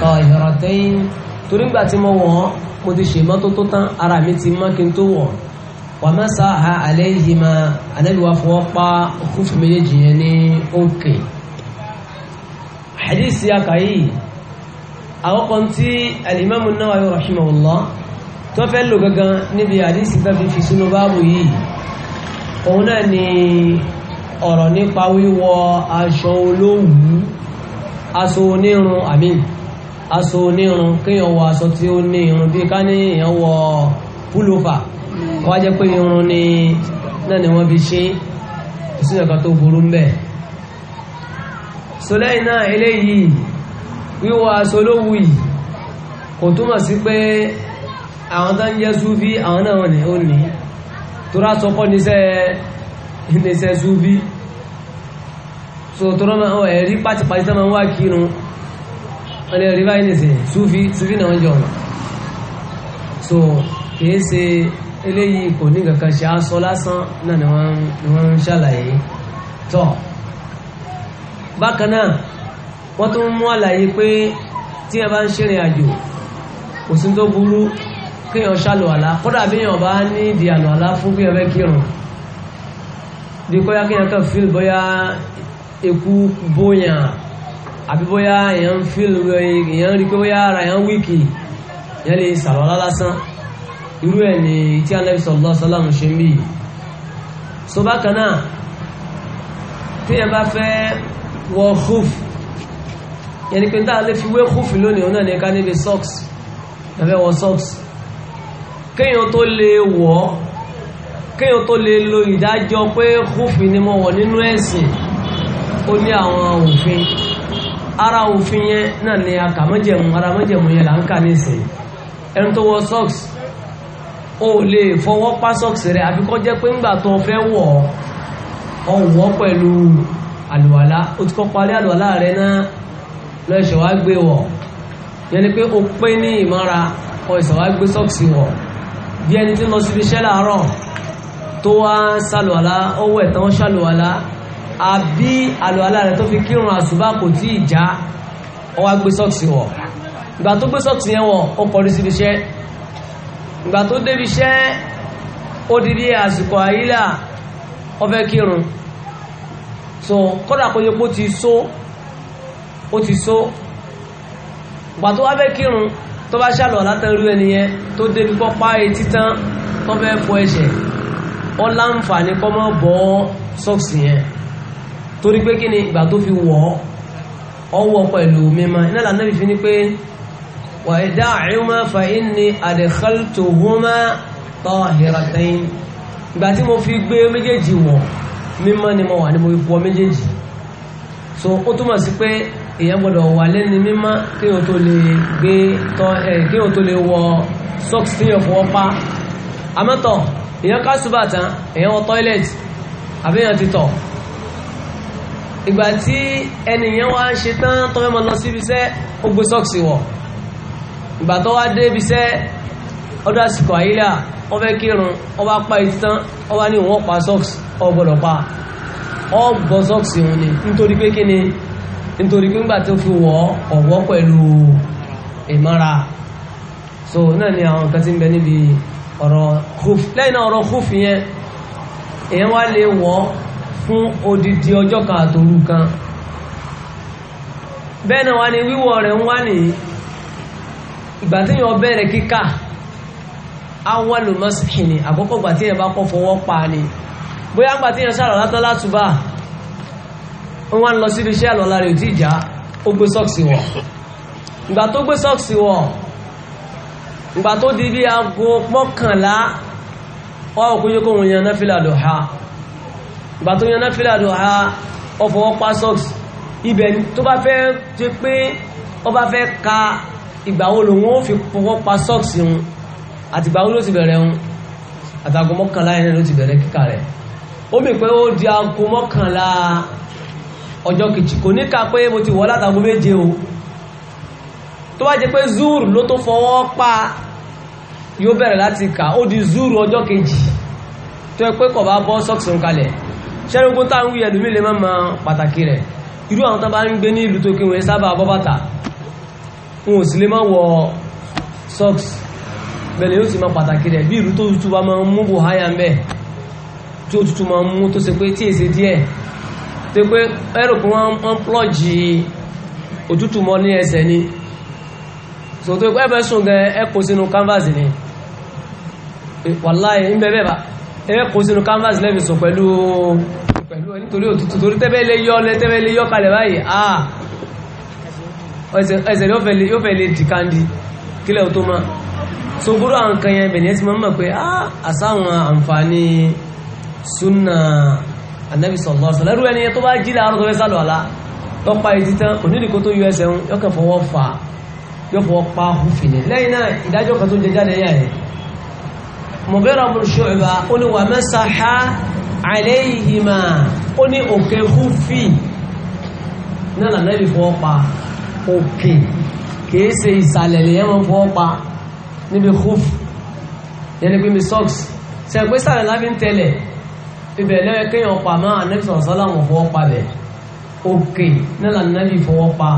طاهرتين ترين باتي مو mo ti ṣe mọ́tótó tán ara mi ti mọ́ kí n tó wọ̀n wàmẹ́sàáhà àlẹ́yìnmá anábíwá fọwọ́ pa kúfù méjèèjì yẹn ní òkè hadisi akayi àkọ́kọ́ tí alìmọ́mù Nawawi rahimahullah tó fẹ́ lò gangan níbi hadisi bá fi fi sínú báàbù yìí òun náà ni ọ̀rọ̀ nípa wíwọ aṣọ olówùú aṣọ onírun àmì aṣọ onírun kíyàn wọ aṣọ tí ó ní irun bí ká ní èèyàn wọ púlófà wá jẹ́ pé irun ni náà ni wọ́n fi ṣe sí ọ̀kan tó burú ń bẹ̀ sọlẹ́yìn náà eléyìí wíwọ aṣọ olówù yìí kò túmọ̀ sí pé àwọn tó ń jẹ́ súfí àwọn náà ní ó ní tóra sọpọ̀ níṣẹ́ súfí so tóra ẹ̀rí pátipátí tó máa ń wá kírun wọ́n lè rí báyìí nìṣẹ́ súfí súfí náà jọ so kìí ṣe eléyìí kò ní kankan ṣe aṣọ lásán náà ni wọ́n ń ṣàlàyé tọ́ bákan náà wọ́n tún mú àlàyé pé tí ẹ bá ń ṣèrìn àjò kò sí tó burú kéèyàn ṣàlò àlá kódà bí èèyàn bá ní ìdí àlò àlá fún bí ẹ̀rẹ́ kírun bí kóyá kéèyàn kàn fíl bóyá eku bóyàn àbí bóyá èèyàn ń fíl èèyàn rí pé bóyá ara èèyàn wíìkì èèyàn lè ṣàlò lásán irú ẹ̀ ni tí anabi sallallahu alaihi wasallam ṣe ń bì yìí so bákan náà téèyàn bá fẹ́ wọ hoof yẹn ni pé tá a lè fi wé hoof lónìí òun ní ká níbi socks ẹ wọ socks kéèyàn tó lè wọ̀ kéèyàn tó lè lo ìdájọ́ pé húfin ni mo wọ̀ nínú ẹ̀sìn ó ní àwọn òfin ara òfin yẹn náà ni akàmọ́jẹ̀mú ara mọ́jẹ̀mú yẹn là ń kà nísìn ẹni tó wọ socks o lè fọwọ́ pa sọ́ọ̀sì rẹ àbí kọ́ jẹ́ pé ńgbà tó fẹ́ wọ̀ ọ wọ̀ pẹ̀lú àlùwàlá o ti kọ́ parí àlùwàlá rẹ náà lọ wá gbé wọ̀ yẹn ni pé o pé ní ìmọ́ra ọ ẹ̀ṣẹ̀ wá gbé sọ́ọ̀sì wọ̀ bí ẹni tí lọ síbi iṣẹ́ làárọ̀ tó wá sàlùwàlá ọwọ́ ẹ̀ tán sàlùwàlá àbí àlùwàlá rẹ tó fi kírun àsùbá kò tí ì já ọ gbé sọ́ọ̀sì wọ̀ ìgbà tó gbé sọ́ọ̀sì yẹn wọ̀ ó kọrí síbi iṣẹ́ ìgbà tó débi iṣẹ́ ó àsìkò àyílà ọfẹ́ kírun so kọ́dà kó yẹ kó ti só ó ti só ìgbà tó wá fẹ́ kírun tó bá ṣàlọ̀ látàrí ẹniyẹn tó débi pọ́pá etí tán tó fẹ́ fọ ẹsẹ̀ ọ láǹfààní kọ́ mọ́ bọ́ sọ́ọ̀sì yẹn torí pé kí ni ìgbà tó fi wọ̀ ọ́ wọ̀ pẹ̀lú mímọ́ iná lànà ìfi ni pé وإداعهما فإني أدخلتهما طاهرتين ìgbà tí mo fi gbé méjèèjì wọ̀ mímọ́ ni mo wà ní mo fi wọ̀ méjèèjì so ó túmọ̀ sí pé èèyàn gbọ́dọ̀ wà lẹ́ni mímọ́ kí o tó lè gbé tọ́ ẹ̀ eh, kí o tó lè wọ socks tí yàn fọwọ́ pa amọ́tọ̀ èèyàn ká ṣùgbọ́n àtàn èèyàn wọ toilet àbí èèyàn ti tọ̀ ìgbà tí ẹnìyàn wá ṣe tán tọ́fẹ́ mọ́ lọ síbi iṣẹ́ ó gbé socks wọ̀ ìgbà tó wá dé ibiṣẹ́ ọdún àsìkò àyílà wọ́n fẹ́ kírun wọ́n bá pa ìtàn wọ́n bá ní òun ọ̀pá socks ọgbọ̀dọ̀ pa ọgbọ̀ socks òun ni nítorí pé kí ni nítorí pé nígbà tó fi wọ̀ ọ̀wọ́ pẹ̀lú ìmọ́ra so náà ni àwọn nǹkan tí ń bẹ níbi ọ̀rọ̀ hoof lẹ́yìn náà ọ̀rọ̀ hoof yẹn èèyàn wá lè wọ̀ fún odidi ọjọ́ kan àtòru kan bẹ́ẹ̀ náà wá ní wíwọ̀ rẹ̀ ń wá nìyí ìgbà tí yàn bẹ̀rẹ̀ kíkà awọ́lù mọ́síkì ni àkọ́kọ́ ìgbà tí yàn bá kọ́ fọwọ́ pa ni bóyá ìgbà tí yàn sára látọ́ látúbà wọ́n lọ síbi iṣẹ́ àlọ́lá rẹ̀ tí ìjà ó gbé sọ́ọ̀sì wọ̀ ìgbà tó gbé sọ́ọ̀sì wọ̀ ìgbà tó di bí aago mọ́kànlá wọ́n kò yẹ kó wọn yan náfìlà dùhà ìgbà tó yan náfìlà dùhà ọ̀fọwọ́ pa sọ́ọ̀sì ibẹ̀ tó bá fẹ́ ṣe pé ọ bá fẹ́ ka ìgbà wo lòun ó fi fọwọ́ pa sọ́ọ̀sì wọn àti ìgbà wo ló ti bẹ̀rẹ̀ wọn àtàgọ́ mọ́kànlá yẹn ló ti bẹ̀rẹ̀ kíkà rẹ̀ ó mì pé ó di aago mọ́kànlá ọjọ́ kejì kò ní ká pé mo ti wọ́ látàgọ́ méje o tó bá jẹ́ pé zuru ló tó fọwọ́ pa yóò bẹ̀rẹ̀ láti kà ó di zuru ọjọ́ kejì tó yẹ pé kọ̀ bá bọ́ sọ́ọ̀sì wọn kalẹ̀ ṣẹ́rùgún táwọn wíyẹ̀ lómi lè má ma pàtàkì rẹ̀ irú àwọn tó bá ń gbé ní ìlú tó kí wọn sábà bọ́ bàtà wọn ò sì lè máa wọ socks bẹ̀lẹ̀ yóò sì máa pàtàkì rẹ̀ bí ìlú tó tutù bá máa ń mú buhaya ń bẹ̀ tí ó tutù máa ń mú tó ṣe pé tí èsè díẹ̀ tó pé ẹ̀rọ pé wọ́n plọ́jì òtútù mọ́ ní ẹsẹ̀ ni so tó pẹ́ fẹ́ sùn gan ẹ kó sínú canvas ni wàláyé ń bẹ́ẹ̀ bá ẹ kó sínú canvas lẹ́bi sùn pẹ̀lú pẹ̀lú nítorí òtútù torí tẹ́bẹ̀ lè yọ lẹ́ lè yọ kalẹ̀ báyìí ah, ẹsẹ̀ rẹ̀ yóò fẹ́ lè dìkandi kílẹ̀ tó máa so gbọ́dọ̀ àwọn kan yẹn bẹ̀rẹ̀ ti máa mọ̀ pé ah, àsáwọn àǹfààní súnà anabi sallallahu alaihi wasallam ẹni tó bá jí láàárọ̀ tó fẹ́ sálọ̀ àlá lọ́pa ìdí tán onídìkó tó yọ ẹsẹ̀ yóò kàn fọwọ́ fà yóò fọwọ́ pa hùfìlẹ̀ lẹ́yìn náà ìdájọ́ kan tó jẹ jáde yà rẹ̀ mọ̀bẹ́rẹ̀ ọmọ ṣọ́ọ̀bà ó òkè kìí ṣe ìsàlẹ̀ lèyàn mọ́ fọ́ pa níbi hoof yẹni pé mi socks ṣe pé sàlẹ̀ lábí ń tẹ́lẹ̀ ibẹ̀ lẹ́yìn kéèyàn pa máa ànábì sọ̀rọ̀ sọ́lá wọn fọwọ́ pa bẹ̀ òkè nílà ànábì fọwọ́ pa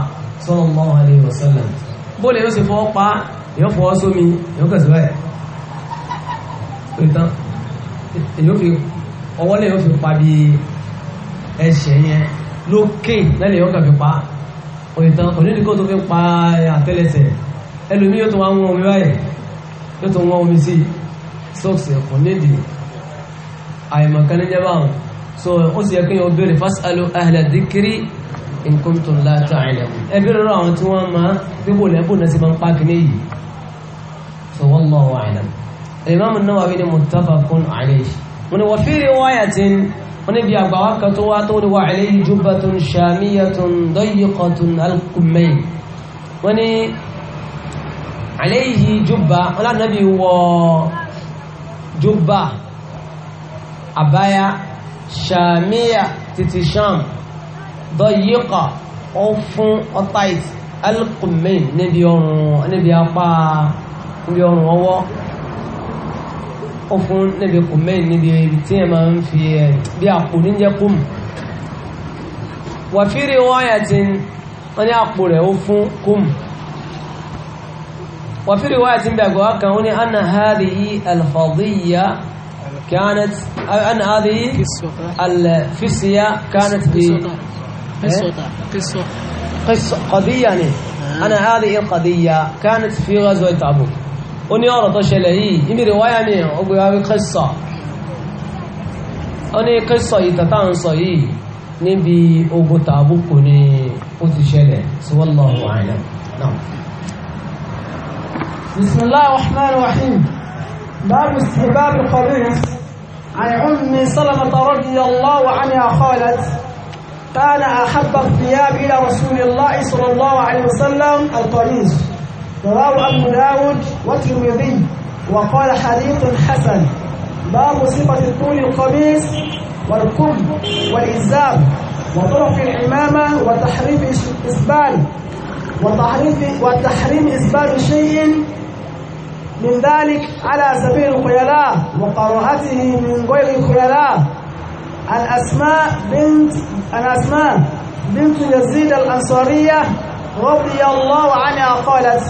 sallallahu alaihi wasallam bóòlù yóò ṣe fọwọ́ pa yóò fọwọ́ sómi yóò kẹsì báyìí pé tán yóò fi ọwọ́ lẹ́yìn yóò fi pa bí ẹsẹ̀ yẹn lókè lẹ́yìn yóò kàn fi pa òyìntàn onídìkọ́ tó fi pa àtẹ́lẹsẹ̀ ẹlòmí yóò tó wá wọn omi báyìí yóò tó wọn omi sí sọ́ọ̀sì ẹ̀kọ́ nídìí àìmọ̀kan ní jẹ́bà wọn so ó sì yẹ kí yóò béèrè fasalu ahla dhikri in kuntum la ta'lamun ẹbí rọrọ àwọn tí wọ́n máa gbébò lẹ́bù náà sí máa ń pa kìíní yìí so wallahu a'lam al-imam an-Nawawi ni muttafaqun alayhi wọn ni wọ́n fi riwayatin wọ́n níbi àgbàwá kan tó wá tó ní wà alayhi jubbatun shamiyatun dayiqatun al-kummayn wọ́n ní alayhi jubba wọ́n lánàbí wọ jubba àbáyá shamiya títí sham dayiqa ó ọtáìtì al níbi ọrùn ọwọ́ ó fún níbi kùmẹ́yìn níbi ibi tí ẹ máa ń fi ẹ bí àpò níjẹ́ kùmù wàfírí wáyà tí wọ́n ní àpò rẹ̀ ó fún kùmù wàfírí wáyà tí ń bẹ̀gọ̀ wákan ó ní anna hadhihi alfadiyya كانت أن هذه الفسية كانت ب قصة قضية يعني أنا هذه القضية كانت في غزوة تبوك ó ní ọ̀rọ̀ tó ṣẹlẹ̀ yìí níbi ìwáyà ni ọgbẹ̀ wá wíkẹ́ sọ ó ní kẹ́ sọ yìí tàtà ń sọ yìí níbi ogun tàbùkù ni ó ti ṣẹlẹ̀ sí wọ́n lọ wà ní náà. bisimilahi rahman rahim baabu istihbaabi qabiis an ummi salamata radiyallahu anha qalat kana ahabba thiyaab ila rasulillahi sallallahu alayhi wa sallam alqabiis رواه أبو داود والترمذي وقال حديث حسن باب صفة طول القميص والكم والإزار وطرق العمامة وتحريف إسبال وتحريف وتحريم إسبال شيء من ذلك على سبيل الخيلاء وقراءته من غير الخيلاء الأسماء بنت الأسماء بنت يزيد الأنصارية رضي الله عنها قالت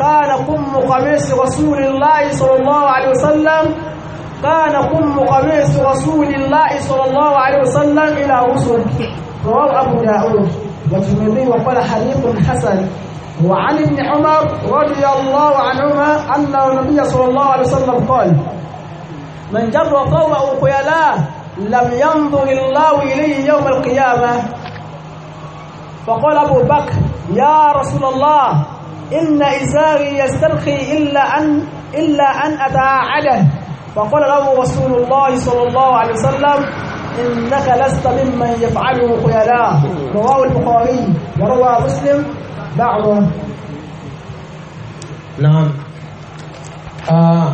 كان قم قميص رسول الله صلى الله عليه وسلم كان قم قميص رسول الله صلى الله عليه وسلم إلى رسل رواه أبو داود والترمذي وقال حديث حسن وعن ابن عمر رضي الله عنهما أن النبي صلى الله عليه وسلم قال من جر قومه خيلاه لم ينظر الله إليه يوم القيامة فقال أبو بكر يا رسول الله إن إزاري يسترخي إلا أن إلا أن أتعاعده فقال له رسول الله صلى الله عليه وسلم إنك لست ممن يفعله خيلاء رواه البخاري وروى مسلم بعضه نعم آه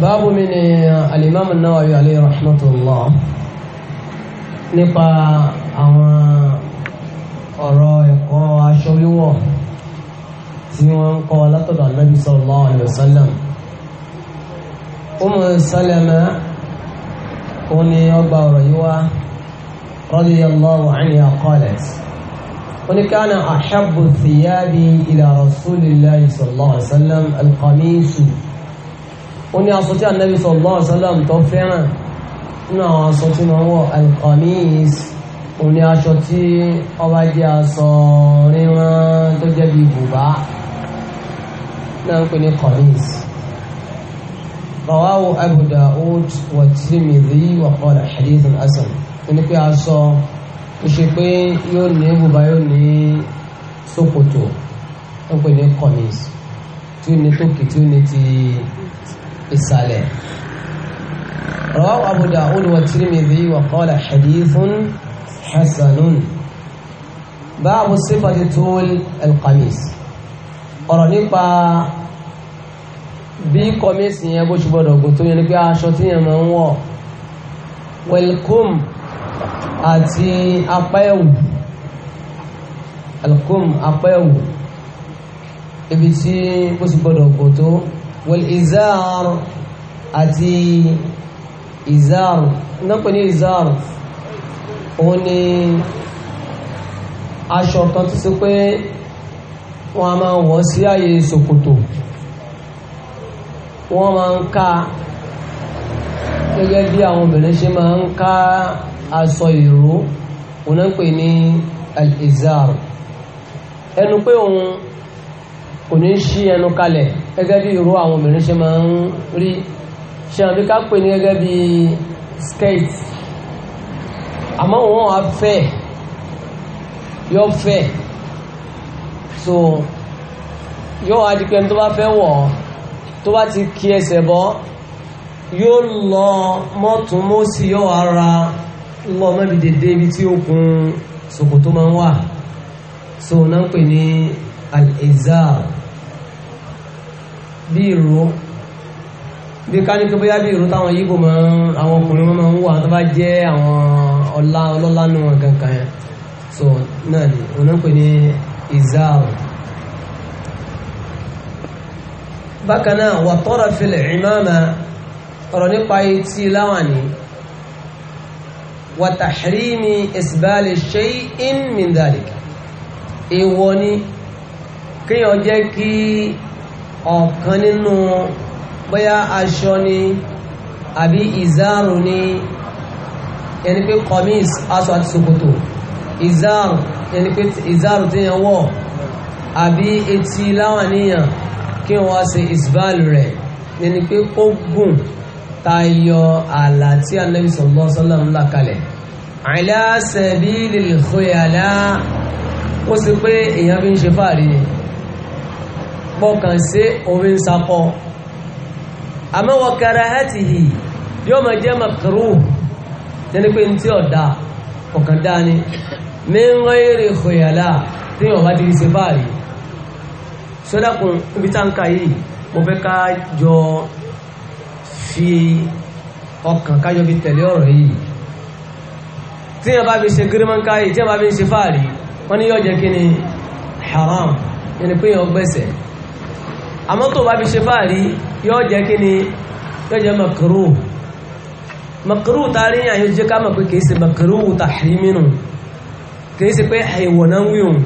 باب من الإمام النووي عليه رحمة الله nípa àwọn ọ̀rọ̀ ẹ̀kọ́ aṣọ wíwọ̀ tí wọ́n ń kọ́ látọ̀dọ̀ anábì sallallahu alaihi wasallam Umu Salama ó ní ọgbà ọ̀rọ̀ yìí wá radiyallahu anha qalat ó ní kana ahabbu thiyabi ila rasulillahi sallallahu alaihi wasallam alqamisu ó ní aṣọ tí anábì sallallahu alaihi wasallam aṣọ tí ọba jẹ́ aṣọ ríran tó jẹ́ bí bùbá náà ń pè ní kọ̀rìns rawahu abu da'ud wa tirmidhi wa qala hadith hasan ẹni pé aṣọ tó ṣe pé yóò ní bùbá yóò ní ṣòkòtò ń pè ní kọ̀rìns tí ó ní tókì tí ó ní ti ìsàlẹ̀ rawahu abu da'ud wa tirmidhi wa qala hadith hasanun báàbù sífàtì tó ẹlkàmìsì ọ̀rọ̀ nípa bí kọ́mẹ́sì yẹn bó ṣe gbọ́dọ̀ gùn tó yẹ ní pé aṣọ tí yẹn máa ń wọ̀ welcome àti apá ẹ̀wù welcome apá ẹ̀wù ibi tí bó ṣe gbọ́dọ̀ gùn tó wal izar àti izar náà pè ní izar òun ni aṣọ kan tó ṣe pé wọ́n a máa wọ̀ sí ààyè ṣòkòtò wọ́n máa ń ká gẹ́gẹ́ bí àwọn obìnrin ṣe máa ń ká aṣọ ìró òun náà ń pè ní al-izar ẹnu pé òun kò ní ṣí ẹnu kalẹ̀ gẹ́gẹ́ bí ìró àwọn obìnrin ṣe máa ń rí ṣe àbí ká pè ní gẹ́gẹ́ bí skate àmọ́ òun á fẹ́ yọ fẹ́ so yóò wá di pé tó bá fẹ́ wọ̀ tó bá ti kí ẹsẹ̀ bọ́ yóò lọ mọ́tún yóò wá ra lọ mẹ́bi dédé ibi tí okùn ṣòkòtò máa ń wà so náà ń pè ní al bí ìró bí ká ní bí ìró táwọn yíbò máa ń àwọn ọkùnrin máa ń wà tó bá jẹ́ àwọn ọlọ́lá nù wọn kankan so náà ni òun náà ń pè ní ìzáàrù bákanáà wà tọ́rọ fílẹ̀ ìmáàmà ọ̀rọ̀ nípa etí láwàní wà tàhírími ìsìbáàlì ṣe in mindalika ìwọ ni kíyàn jẹ́ kí ọ̀kan nínú bóyá aṣọ ni àbí ìzáàrù ni ẹni pé kọmís aṣọ àti ṣòkòtò ìzáàrù yẹni pé ìzáàrù tí yẹn wọ̀ àbí etí láwọn níyàn kí wọ́n ṣe ìsbáàlù rẹ̀ yẹni pé ó gùn tayọ ààlà tí anabi sallallahu alaihi wasallam là kalẹ̀ ala sabilil khuyala ó sì pé èèyàn fi ń ṣe fàárí ni pọkàn sí omi ń sapọ àmọ́ wa karahatihi yóò máa jẹ́ makaru yẹni pé ní tí ọ̀dà ọ̀kan dáa mẹ́rẹ̀ẹ́rẹ̀ ìfòyàlá tí wọ́n bá ti ṣe fáàrí sọ́dọ̀kùn ibi táǹkà yìí mo fẹ́ ká fi ọkàn ká jọ fi tẹ̀lé ọ̀rọ̀ yìí tí wọ́n bá fi ṣe gírímọ́ǹkà yìí tí wọ́n fi ṣe fáàrí wọ́n ní yóò jẹ́ kí ni haram ẹni pé yóò gbẹ̀sẹ̀ àmọ́ tó bá fi ṣe fáàrí yóò jẹ́ kí ni yóò jẹ́ makruh makruh tààrí yàn yóò jẹ́ ká mọ̀ pé kìí ṣe makruh tàhírí mìíràn kìí sí pé èèwọ̀ náà ń wí òun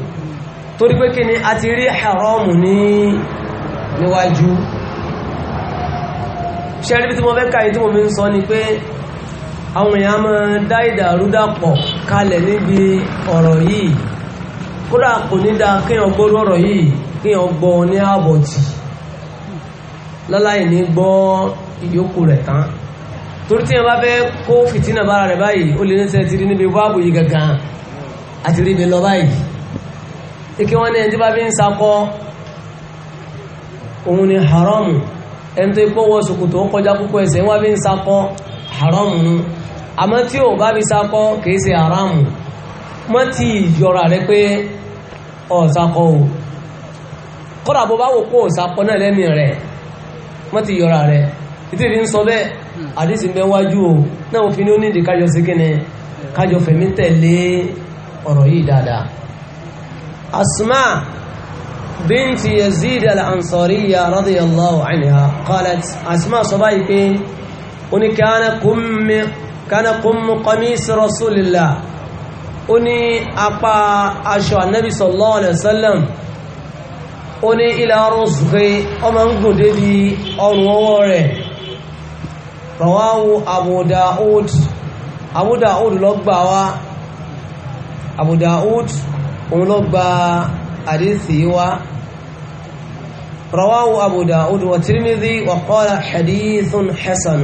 torí pé kí ni a ti rí haramu ní níwájú ṣẹ́rí bí tí mo fẹ́ káyí tí mo fi ń sọ ni pé àwọn èèyàn máa dá ìdàrúdàpọ̀ kalẹ̀ níbi ọ̀rọ̀ yìí kódà kò ní da kéèyàn gbọ́ lọ́rọ̀ yìí kéèyàn gbọ́ ní àbọ̀tì láláì ní gbọ́ ìyókù rẹ̀ tán torí tí wọn bá fẹ́ kó fìtínà bára rẹ̀ báyìí ó lè ní sẹ́ẹ̀ rí níbi wáàbù yìí gangan àti rí mi lọ báyìí tí kí wọ́n ní ẹni tí bá fi ń sakọ òun ni haramu ẹni tó ipò wọ ṣòkòtò ó kọjá púpọ̀ ẹsẹ̀ wọ́n fi ń sakọ haramu nu àmọ́ tí ò bá fi sakọ kìí ṣe haramu mọ́ ti yọra rẹ pé ọ̀ sakọ o kọ́dà bó bá wò kó sakọ náà lẹ́mí rẹ̀ mọ́ ti yọra rẹ títí rí ń sọ bẹ́ẹ̀ àdísì ń wájú o náà òfin ní ó ní ìdíkájọ sí kíni kájọ fẹ̀mí tẹ̀lé ọ̀rọ̀ yìí dáadáa asma binti yazid al-ansariya radiyallahu anha qalat asma sọ báyìí pé ó ní kana kummu qamis rasulillah ó ní apá aṣọ annabi sallallahu alaihi wasallam ó ní ilẹ̀ arúnsùfé ọmọ ń gùn débi ọrùn ọwọ́ rẹ̀ rawahu Abu Daud Abu gbà wá Abu Dawud òun ló gba àdísì wá rawahu Abu Dawud wa Tirmidhi wa qala hadithun hasan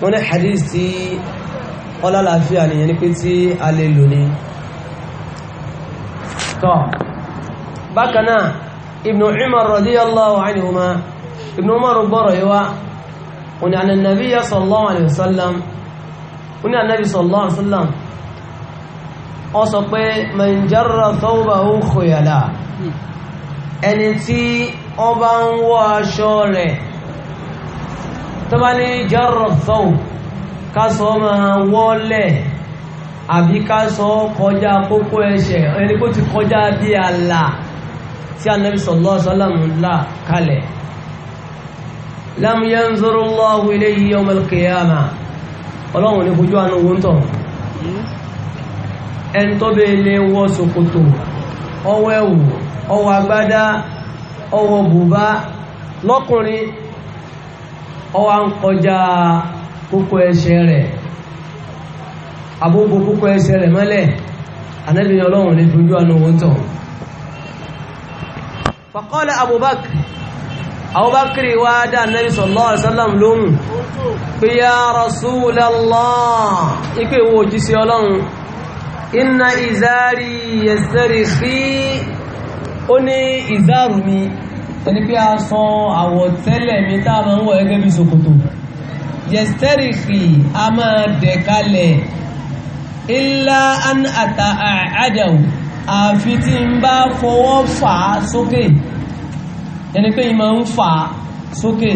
wọ́n ní hadith tí ọlálàáfíà nìyẹn ní pé tí a lè lò ní tọ́ bákanáà ibn Umar radiyallahu anhuma ibn Umar gbọ́rọ̀ yíwá wọ́n ní annabi sallallahu alaihi wasallam wọ́n ní annabi sallallahu alaihi wasallam wọ́n sọ pé mẹ̀njẹ́rọ̀ tọ́wọ́bà ó kòyàlá ẹni tí wọ́n bá ń wọ́ aṣọ rẹ̀ tó bá ní jẹ́rọ̀ tọ́wọ́ ká sọ máa wọ́lẹ̀ àbí ká sọ kọjá kókó ẹsẹ̀ ẹni kó ti kọjá bí àlà tí Ànábì sallallahu alaihi kalẹ̀ lam yanzurullahu ilayhi yawm ọlọ́run ní fojú àánú owó ń tọ̀ hmm. ẹni tó bẹ ilé wọ ṣòkòtò ọwọ́ ẹ̀wù ọwọ́ agbádá ọwọ́ bùbá lọ́kùnrin ọwọ́ à ń ẹsẹ̀ rẹ̀ àbúgbò kókó ẹsẹ̀ rẹ̀ mọ́lẹ̀ ọlọ́run fojú àná owó tọ̀ Abubakar Abubakar wa dá ya iná ìzárí yẹsẹ̀rì sí ó ní ìzárù mi ẹni pé a sọ àwọ̀tẹ́lẹ̀ mi tá a máa ń wọ̀ gẹ́gẹ́ bí ṣòkòtò yẹsẹ̀rì sí a máa dẹ̀ kalẹ̀ ilá an àtà àdáwò àfi tí n bá fọwọ́ fà á sókè ẹni pé ìmọ̀ ń fà á sókè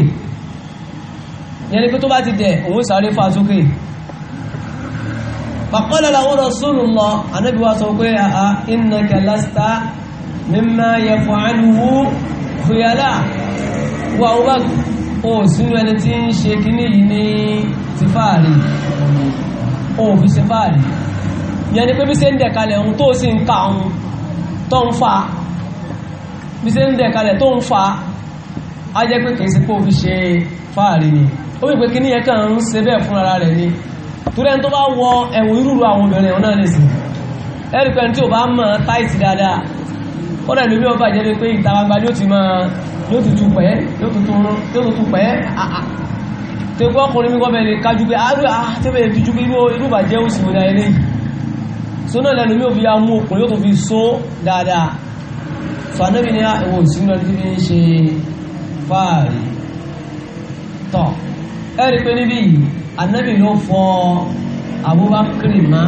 ẹni pé tó bá ti dẹ̀ òun sáré fà á sókè fàkọ́lá làwọn rọ̀súlù lọ anábì wa sọ pé àà iná kẹlásítà mímá yẹ fún àlùwò fúyàlá wà ó bá ó sínú ẹni tí ń ṣe kíní yìí ní tìfáàrí ó oh, fi ṣe fáàrí yẹn ni pé bí ṣe ń dẹ̀kalẹ̀ ohun tó sì ń ka ohun tó ń fa bí ṣe ń dẹ̀kalẹ̀ tó ń fa á jẹ́ pé kìí sí pé ó fi ṣe fáàrí ni ó wípé kíní yẹn kàn ń ṣe bẹ́ẹ̀ fúnra rẹ̀ ni túrẹ́ tó bá wọ ẹ̀wọ̀n irúru àwọn obìnrin ọ̀nà nìsìn ẹ̀rì pẹ̀lú tí ò bá mọ̀ táìsì dáadáa ó rẹ̀ lómi ọba jẹ́ pé ìtawagba ni ó ti máa yóò tutù pẹ́ yóò tutù pẹ́ tó kọ́ ọkùnrin mi kọ́ bẹ̀rẹ̀ kájú pé àárú àtẹ́bẹ̀ ìtújú pé irú bàjẹ́ ó sì wòdà ilé sónà lẹ́nu mi ò fi amú okùnrin yóò tó fi só dáadáa fàánẹ́bì ní ẹ̀wọ̀n òsì náà ti fi ń ṣe fáàrí tọ̀ ẹ̀rì pé níbí yìí anabi ló fọ abubakar ma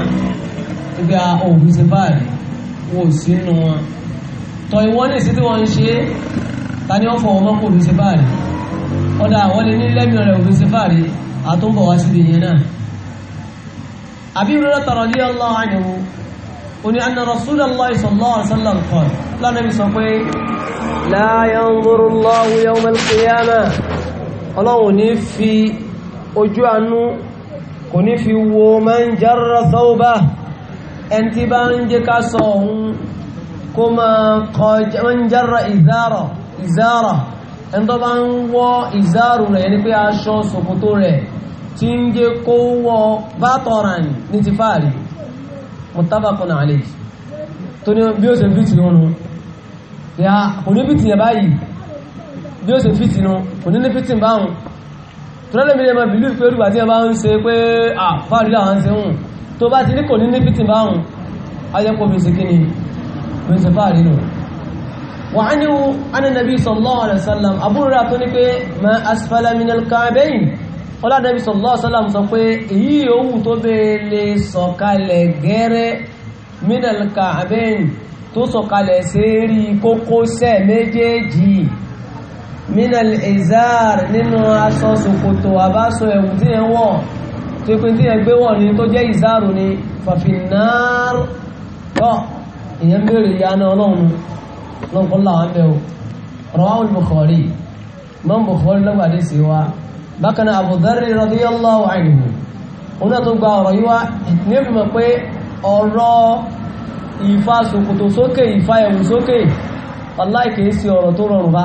ibi òhun ti báyìí wò sínú wọn tọ ìwọ́n ní ìsítí wọ́n ń ṣe ta ni wọ́n fọ ọmọ kò òhun ti báyìí ọ̀dà àwọn lè ní lẹ́mìí rẹ̀ òhun ti báyìí àtúnbọ̀ wá síbi yẹn náà àbí ìrora tọrọ lé ọlọ́run àyẹ̀wò oni anna rasulallah sallallahu alaihi wasallam qala la nabi sọ pé la yanzuru allah yawm al qiyamah Ọlọ́run ní fi ojú anú kò ní fi wo máa ń jarra sọ́ọ́bà ẹni tí bá ń jẹ́ ká sọ ohun kó máa ń jarra ìzára ìzára ẹni tó bá ń wọ́ ìzáàrù rẹ̀ ní pé aṣọ ṣòkòtò rẹ̀ tí ń jẹ́ kó wọ bátọ̀ràn ní ti fààrí mutabakun alayhi tó ní bí ó ṣe fìtì nínú ya kò ní fìtì yẹ báyìí bí ó ṣe fìtì nínú kò ní ní fìtì báhùn tọ́lọ́lẹ́ mi lè mọ bìlú ìfẹ́ olùgbà tí wọ́n bá ń ṣe pé àfáàrílà àwọn ṣe hùn tó bá ti ní kò ní ní pìtì bá hùn ayẹ́pọ̀ bí i ṣe kí ni bí i ṣe fáàrí nù wà á níhu ananabi sallallahu alaihi wasallam abúrúra tó ní pé ma asfala minal ka'bayn ọlọ́dẹ̀bí sallallahu alaihi wasallam sọ pé èyí yòówù tó bèèlè sọ̀kalẹ̀ gẹ́rẹ́ minal ka'bayn tó sọ̀kalẹ̀ sí rí méjèèjì minal ezar nínú aṣọ ṣòkòtò àbáṣọ ẹ̀wù tí ẹ wọ̀ tó pé tí ẹ gbé wọ̀ ní tó jẹ́ ìzáàrù ni fàfinnáàr tọ́ ìyẹn bèèrè ìyáná ọlọ́run lọ́n kọ́ làwọn bẹ̀ o rawahu Bukhari mọ́n Bukhari lọ́gbàdé sí wa bákan náà Abu Dharr radiyallahu anhu òun náà tó gba ọ̀rọ̀ yíwá ní ìfìmọ̀ pé ọ̀rọ̀ ìfà ṣòkòtò sókè ìfà ẹ̀wù sókè wallahi kìí sí ọ̀rọ̀ tó rọrùn bá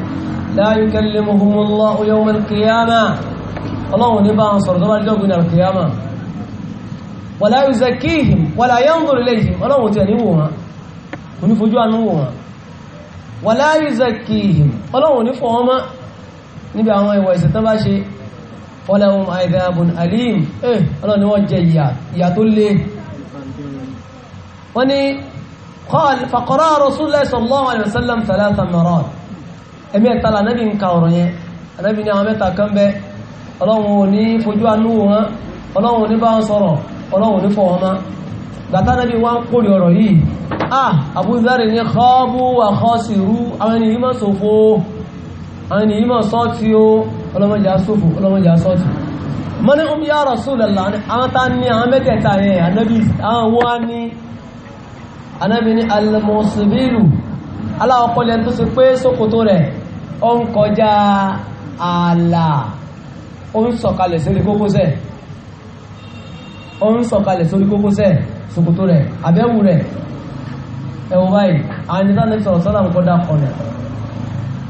لا يكلمهم الله يوم القيامة الله نبا انصر دبا الجوغنا القيامة ولا يزكيهم ولا ينظر إليهم الله تنبوها ونفجوا نبوها ولا يزكيهم الله نفهما نبا ما يويس تباشي ولهم عذاب أليم إيه الله نوجه يا تولي وني قال فقرأ رسول الله صلى الله عليه وسلم ثلاث مرات ẹ̀mí ẹ̀ta lànẹ́bí ń ka ọ̀rọ̀ yẹn ànẹ́bí ní àwọn mẹ́ta kan bẹ ọlọ́run ò ní fojú àánú wọn ọlọ́run ò ní bá wọn sọ̀rọ̀ ọlọ́run ò ní fọ̀ wọn mọ́ gbàtà nẹ́bí wọn kórè ọ̀rọ̀ yìí ah Abu Dhar ní kọ́ọ̀bù wà khasiru àwọn ènìyàn mọ̀ sòfò àwọn ènìyàn mọ̀ sọ́ọ̀tì ó ọlọ́mọdé asòfò ọlọ́mọdé asọ́ọ̀tì mọ́ ní omi ya Rasulullah àwọn tá ní àwọn mẹ́tẹ̀ẹ̀ta yẹn ànábì àwọn wọ́n ní ànábì ní al-musbilu aláwọ̀kọ́lẹ̀ tó ṣe pé sókòtò rẹ̀ ó ń kọjá ààlà ó ń sọ̀kalẹ̀ sórí kókósẹ̀ ó ń sọ̀kalẹ̀ sórí kókósẹ̀ ṣòkòtò rẹ̀ àbẹ̀wò rẹ̀ ẹ̀wọ̀ báyìí àwọn ẹni tánà sọ̀rọ̀ sọ́là ń kọjá kọ̀nà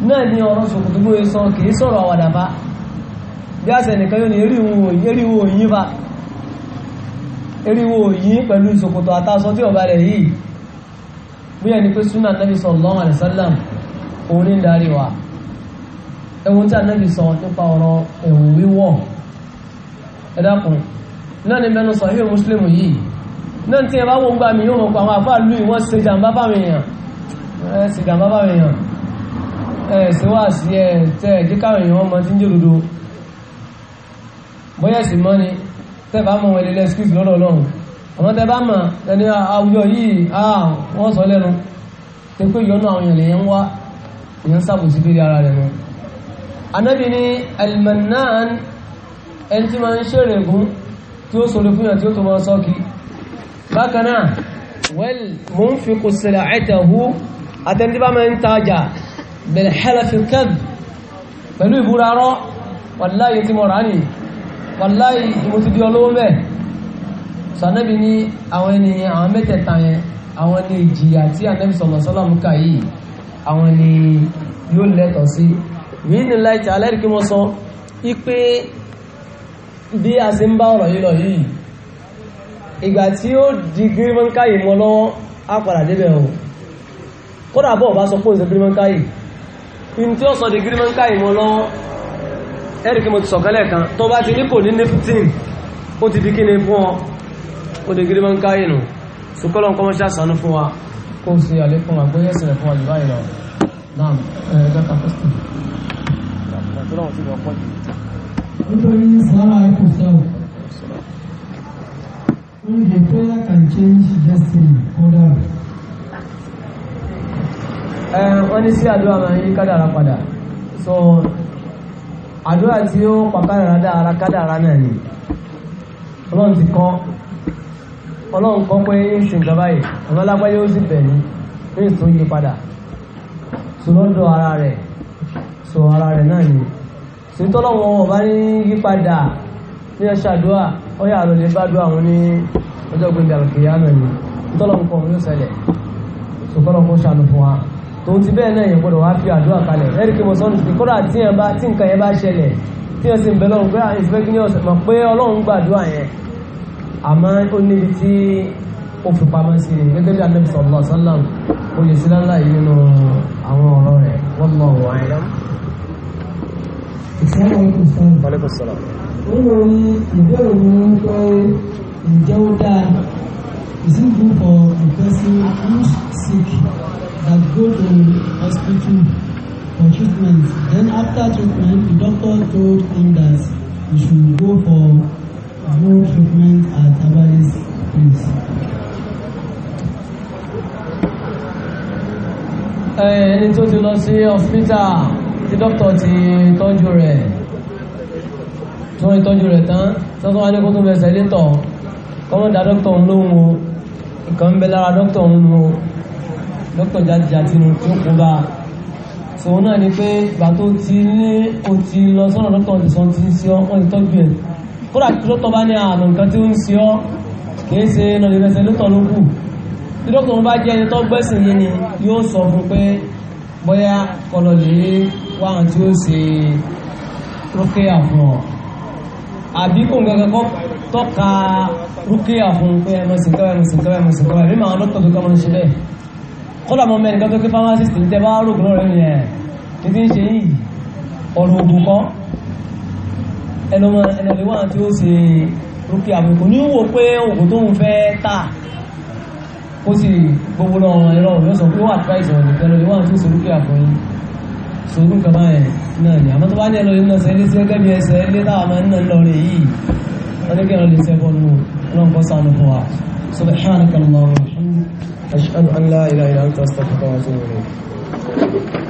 náà ni ọ̀rọ̀ ṣòkòtò bó ṣe sọ kìí sọ̀rọ̀ àwàdà bá bí àṣẹ nìkan yóò ní eríwo òyìn bá eríwo òyìn pẹ̀lú ṣòkòtò àtàṣọ tí ọba rẹ̀ yìí bí ẹni pé súnà Nabi sallallahu alaihi wasallam òun ní darí wa ẹwọ tí anábì sọ nípa ọ̀rọ̀ ẹ̀wù wíwọ̀ ẹ̀dàkùn náà ni mẹ́nu sọ híò muslim yìí náà tí ẹ bá wọ́n gbà mí yóò mọ̀ pa àwọn àfáà lù ìwọ́n ṣe jàǹbá báwọn èèyàn ẹ̀ ṣe jàǹbá báwọn èèyàn ẹ̀ ṣe wá sí ẹ̀ tẹ́ ẹ̀ díkàwọn èèyàn ọmọ tí ń jòdodo bóyá sì mọ́ ni tẹ́ bá mọ̀ wọn lè lẹ́skìs lọ́dọ̀ ọlọ́run àwọn tẹ́ bá mọ̀ ẹni àwùjọ yìí wọ́n sọ lẹ́nu tẹ́ pé ìyọnu àwọn èèyàn lè yẹn wá ìyẹn sábòsí bí ara rẹ̀ náà anábì ní almanan ẹni tí ma ń ṣèrè gún tí ó sọ̀rọ̀ fún yà tí ó tó ma sọ́kí bákanáà wẹ́l mú ń fi kò sílẹ̀ àìtẹ̀hú àtẹ́ntí bá ma ń tajà bẹ̀rẹ̀ hẹ́lẹ̀fìkẹ́d pẹ̀lú ìbúrarọ́ wàláyé tí mọ̀ rà ní wàláyé ìmòtúdí yóò lẹ́tọ̀ sí bíní láìtì alẹ́rìkí mọ́ sọ ipé bí a ṣe ń bá ọ̀rọ̀ yìí lọ yìí ìgbà tí ó di gírímọ́nkáyì mọ́ lọ́wọ́ á padà débẹ̀ o kódà bọ́ bá sọ pé òṣèlú gírímọ́nkáyì in tí ó sọ di gírímọ́nkáyì mọ́ lọ́wọ́ ẹ̀rìkí mo ti sọ̀kẹ́lẹ̀ kan tó bá ti ní kò ní ní 15 ó ti di kíni fún ọ ó di gírímọ́nkáyì nù sùkọ́lọ́ nǹkan mọ́ fún wa kó o ṣe àlékún àgbóyẹ̀sìn rẹ̀ fún wa jù báyìí lọ náà ẹ̀ẹ́dẹ́ka pẹ́sìtì tó lọ́wọ́ sí ọ̀pọ̀ jù. nítorí sàrà ẹ̀kọ́ sọ̀rọ̀ only the prayer can change destiny order. wọ́n ní sí àdúrà máa ń yí kádàrá padà so àdúrà tí ó pa kádàrá dára kádàrá náà ni ọlọ́run ti kọ́ ọlọ́run kọ́ pé ń ṣe nǹkan báyìí ọ̀nà lágbáyé ó sì bẹ̀ ní ní ìtún yí padà so lọ́dọ̀ ara rẹ̀ so ara rẹ̀ náà ni nítọ́lọ́wọ́ ọba ní yípadà ní ọṣàdúà ọyà àrùn lè bá dúà wọn ní ọjọ́ gbẹ̀gbẹ̀ àlùkìyà náà ni nítọ́lọ́wọ́ kan yóò ṣẹlẹ̀ ṣùgbọ́n kó ṣàánú fún wa tó ti bẹ́ẹ̀ náà yẹn gbọ́dọ̀ wá fi àdúà kalẹ̀ ẹ̀rí kí mo sọ nìkan kódà tí ẹ bá tí nǹkan yẹn bá ṣẹlẹ̀ tí ẹ sì ń bẹ lọ́run pé ìṣẹ́ kí ni ọ̀sẹ̀ mọ̀ pé ọlọ́run gbàdúrà yẹn àmọ́ ó níbi tí ó fi pamọ́ sí i gẹ́gẹ́ bí Wàlékùsọ́lá. Nínú ìbéèrè mi ń pé ǹjẹ́ ó dáa is it good for a person sick that go to hospital for treatment then after treatment the doctor told him that he should go for good treatment at herbalist place. ẹni tó ti lọ sí hospital tí dókítà ti tọ́jú rẹ̀ tí wọ́n tọ́jú rẹ̀ tán tí wọ́n tún wá ní kó tún fẹsẹ̀ létọ̀ kọ́mọ̀dá dókítà òun lóhun o nǹkan ń bẹ lára dókítà òun nu o dókítà jàdìjàdì nu tí ó kú bá a sòun náà ni pé ìgbà tó ti ní o ti lọ sọ́nà dókítà òun ti sọ ti ń sí ọ wọ́n ti tọ́jú ẹ̀ kódà dókítà bá ní àmọ̀ nǹkan tí ó ń sí ọ kìí ṣe lọ́lẹ̀ fẹsẹ̀ létọ̀ ló kù tí dókítà òun bá jẹ́ ẹni tó gbẹ́sìn yìí ni yóò sọ fún pé bóyá kọlọ lè wá àwọn tí ó ṣe rúkìá fún ọ àbí kò nǹkan kan tọ́ka rúkìá fún pé ẹmọ sí kẹwàá ẹmọ sí kẹwàá ẹmọ sí kẹwàá ẹmọ àwọn dókítà tó kọ́ máa ń ṣe bẹ́ẹ̀ kọ́lá mọ́ mẹ́rin kan tó ké pharmacist ń tẹ́ bá rògbò náà rẹ̀ nìyẹn kí ti ń ṣe yìí ọ̀rọ̀ ògùn kan ẹnu ẹnu lè wá àwọn tí ó ṣe rúkìá fún kò ní wò pé ògùn tó ń fẹ́ tà ó sì gbogbo náà ẹ̀rọ yóò sọ pé ó advice ọ̀nà pẹ̀lú ìwà tó sorúkì àfọyín sorú nǹkan báyẹn náà ni àmọ́ tó bá ní ẹ̀rọ yìí náà sẹ́lé sí gẹ́gẹ́ bí ẹsẹ̀ ilé táwọn máa ń nà lọ́rẹ̀ yìí wọ́n ní kẹ́rọ lè sẹ́bọ̀ nù náà kọ́ sànù fún wa subhanaka Allahumma wa bihamdika ashhadu an la ilaha illa anta astaghfiruka wa atubu ilayk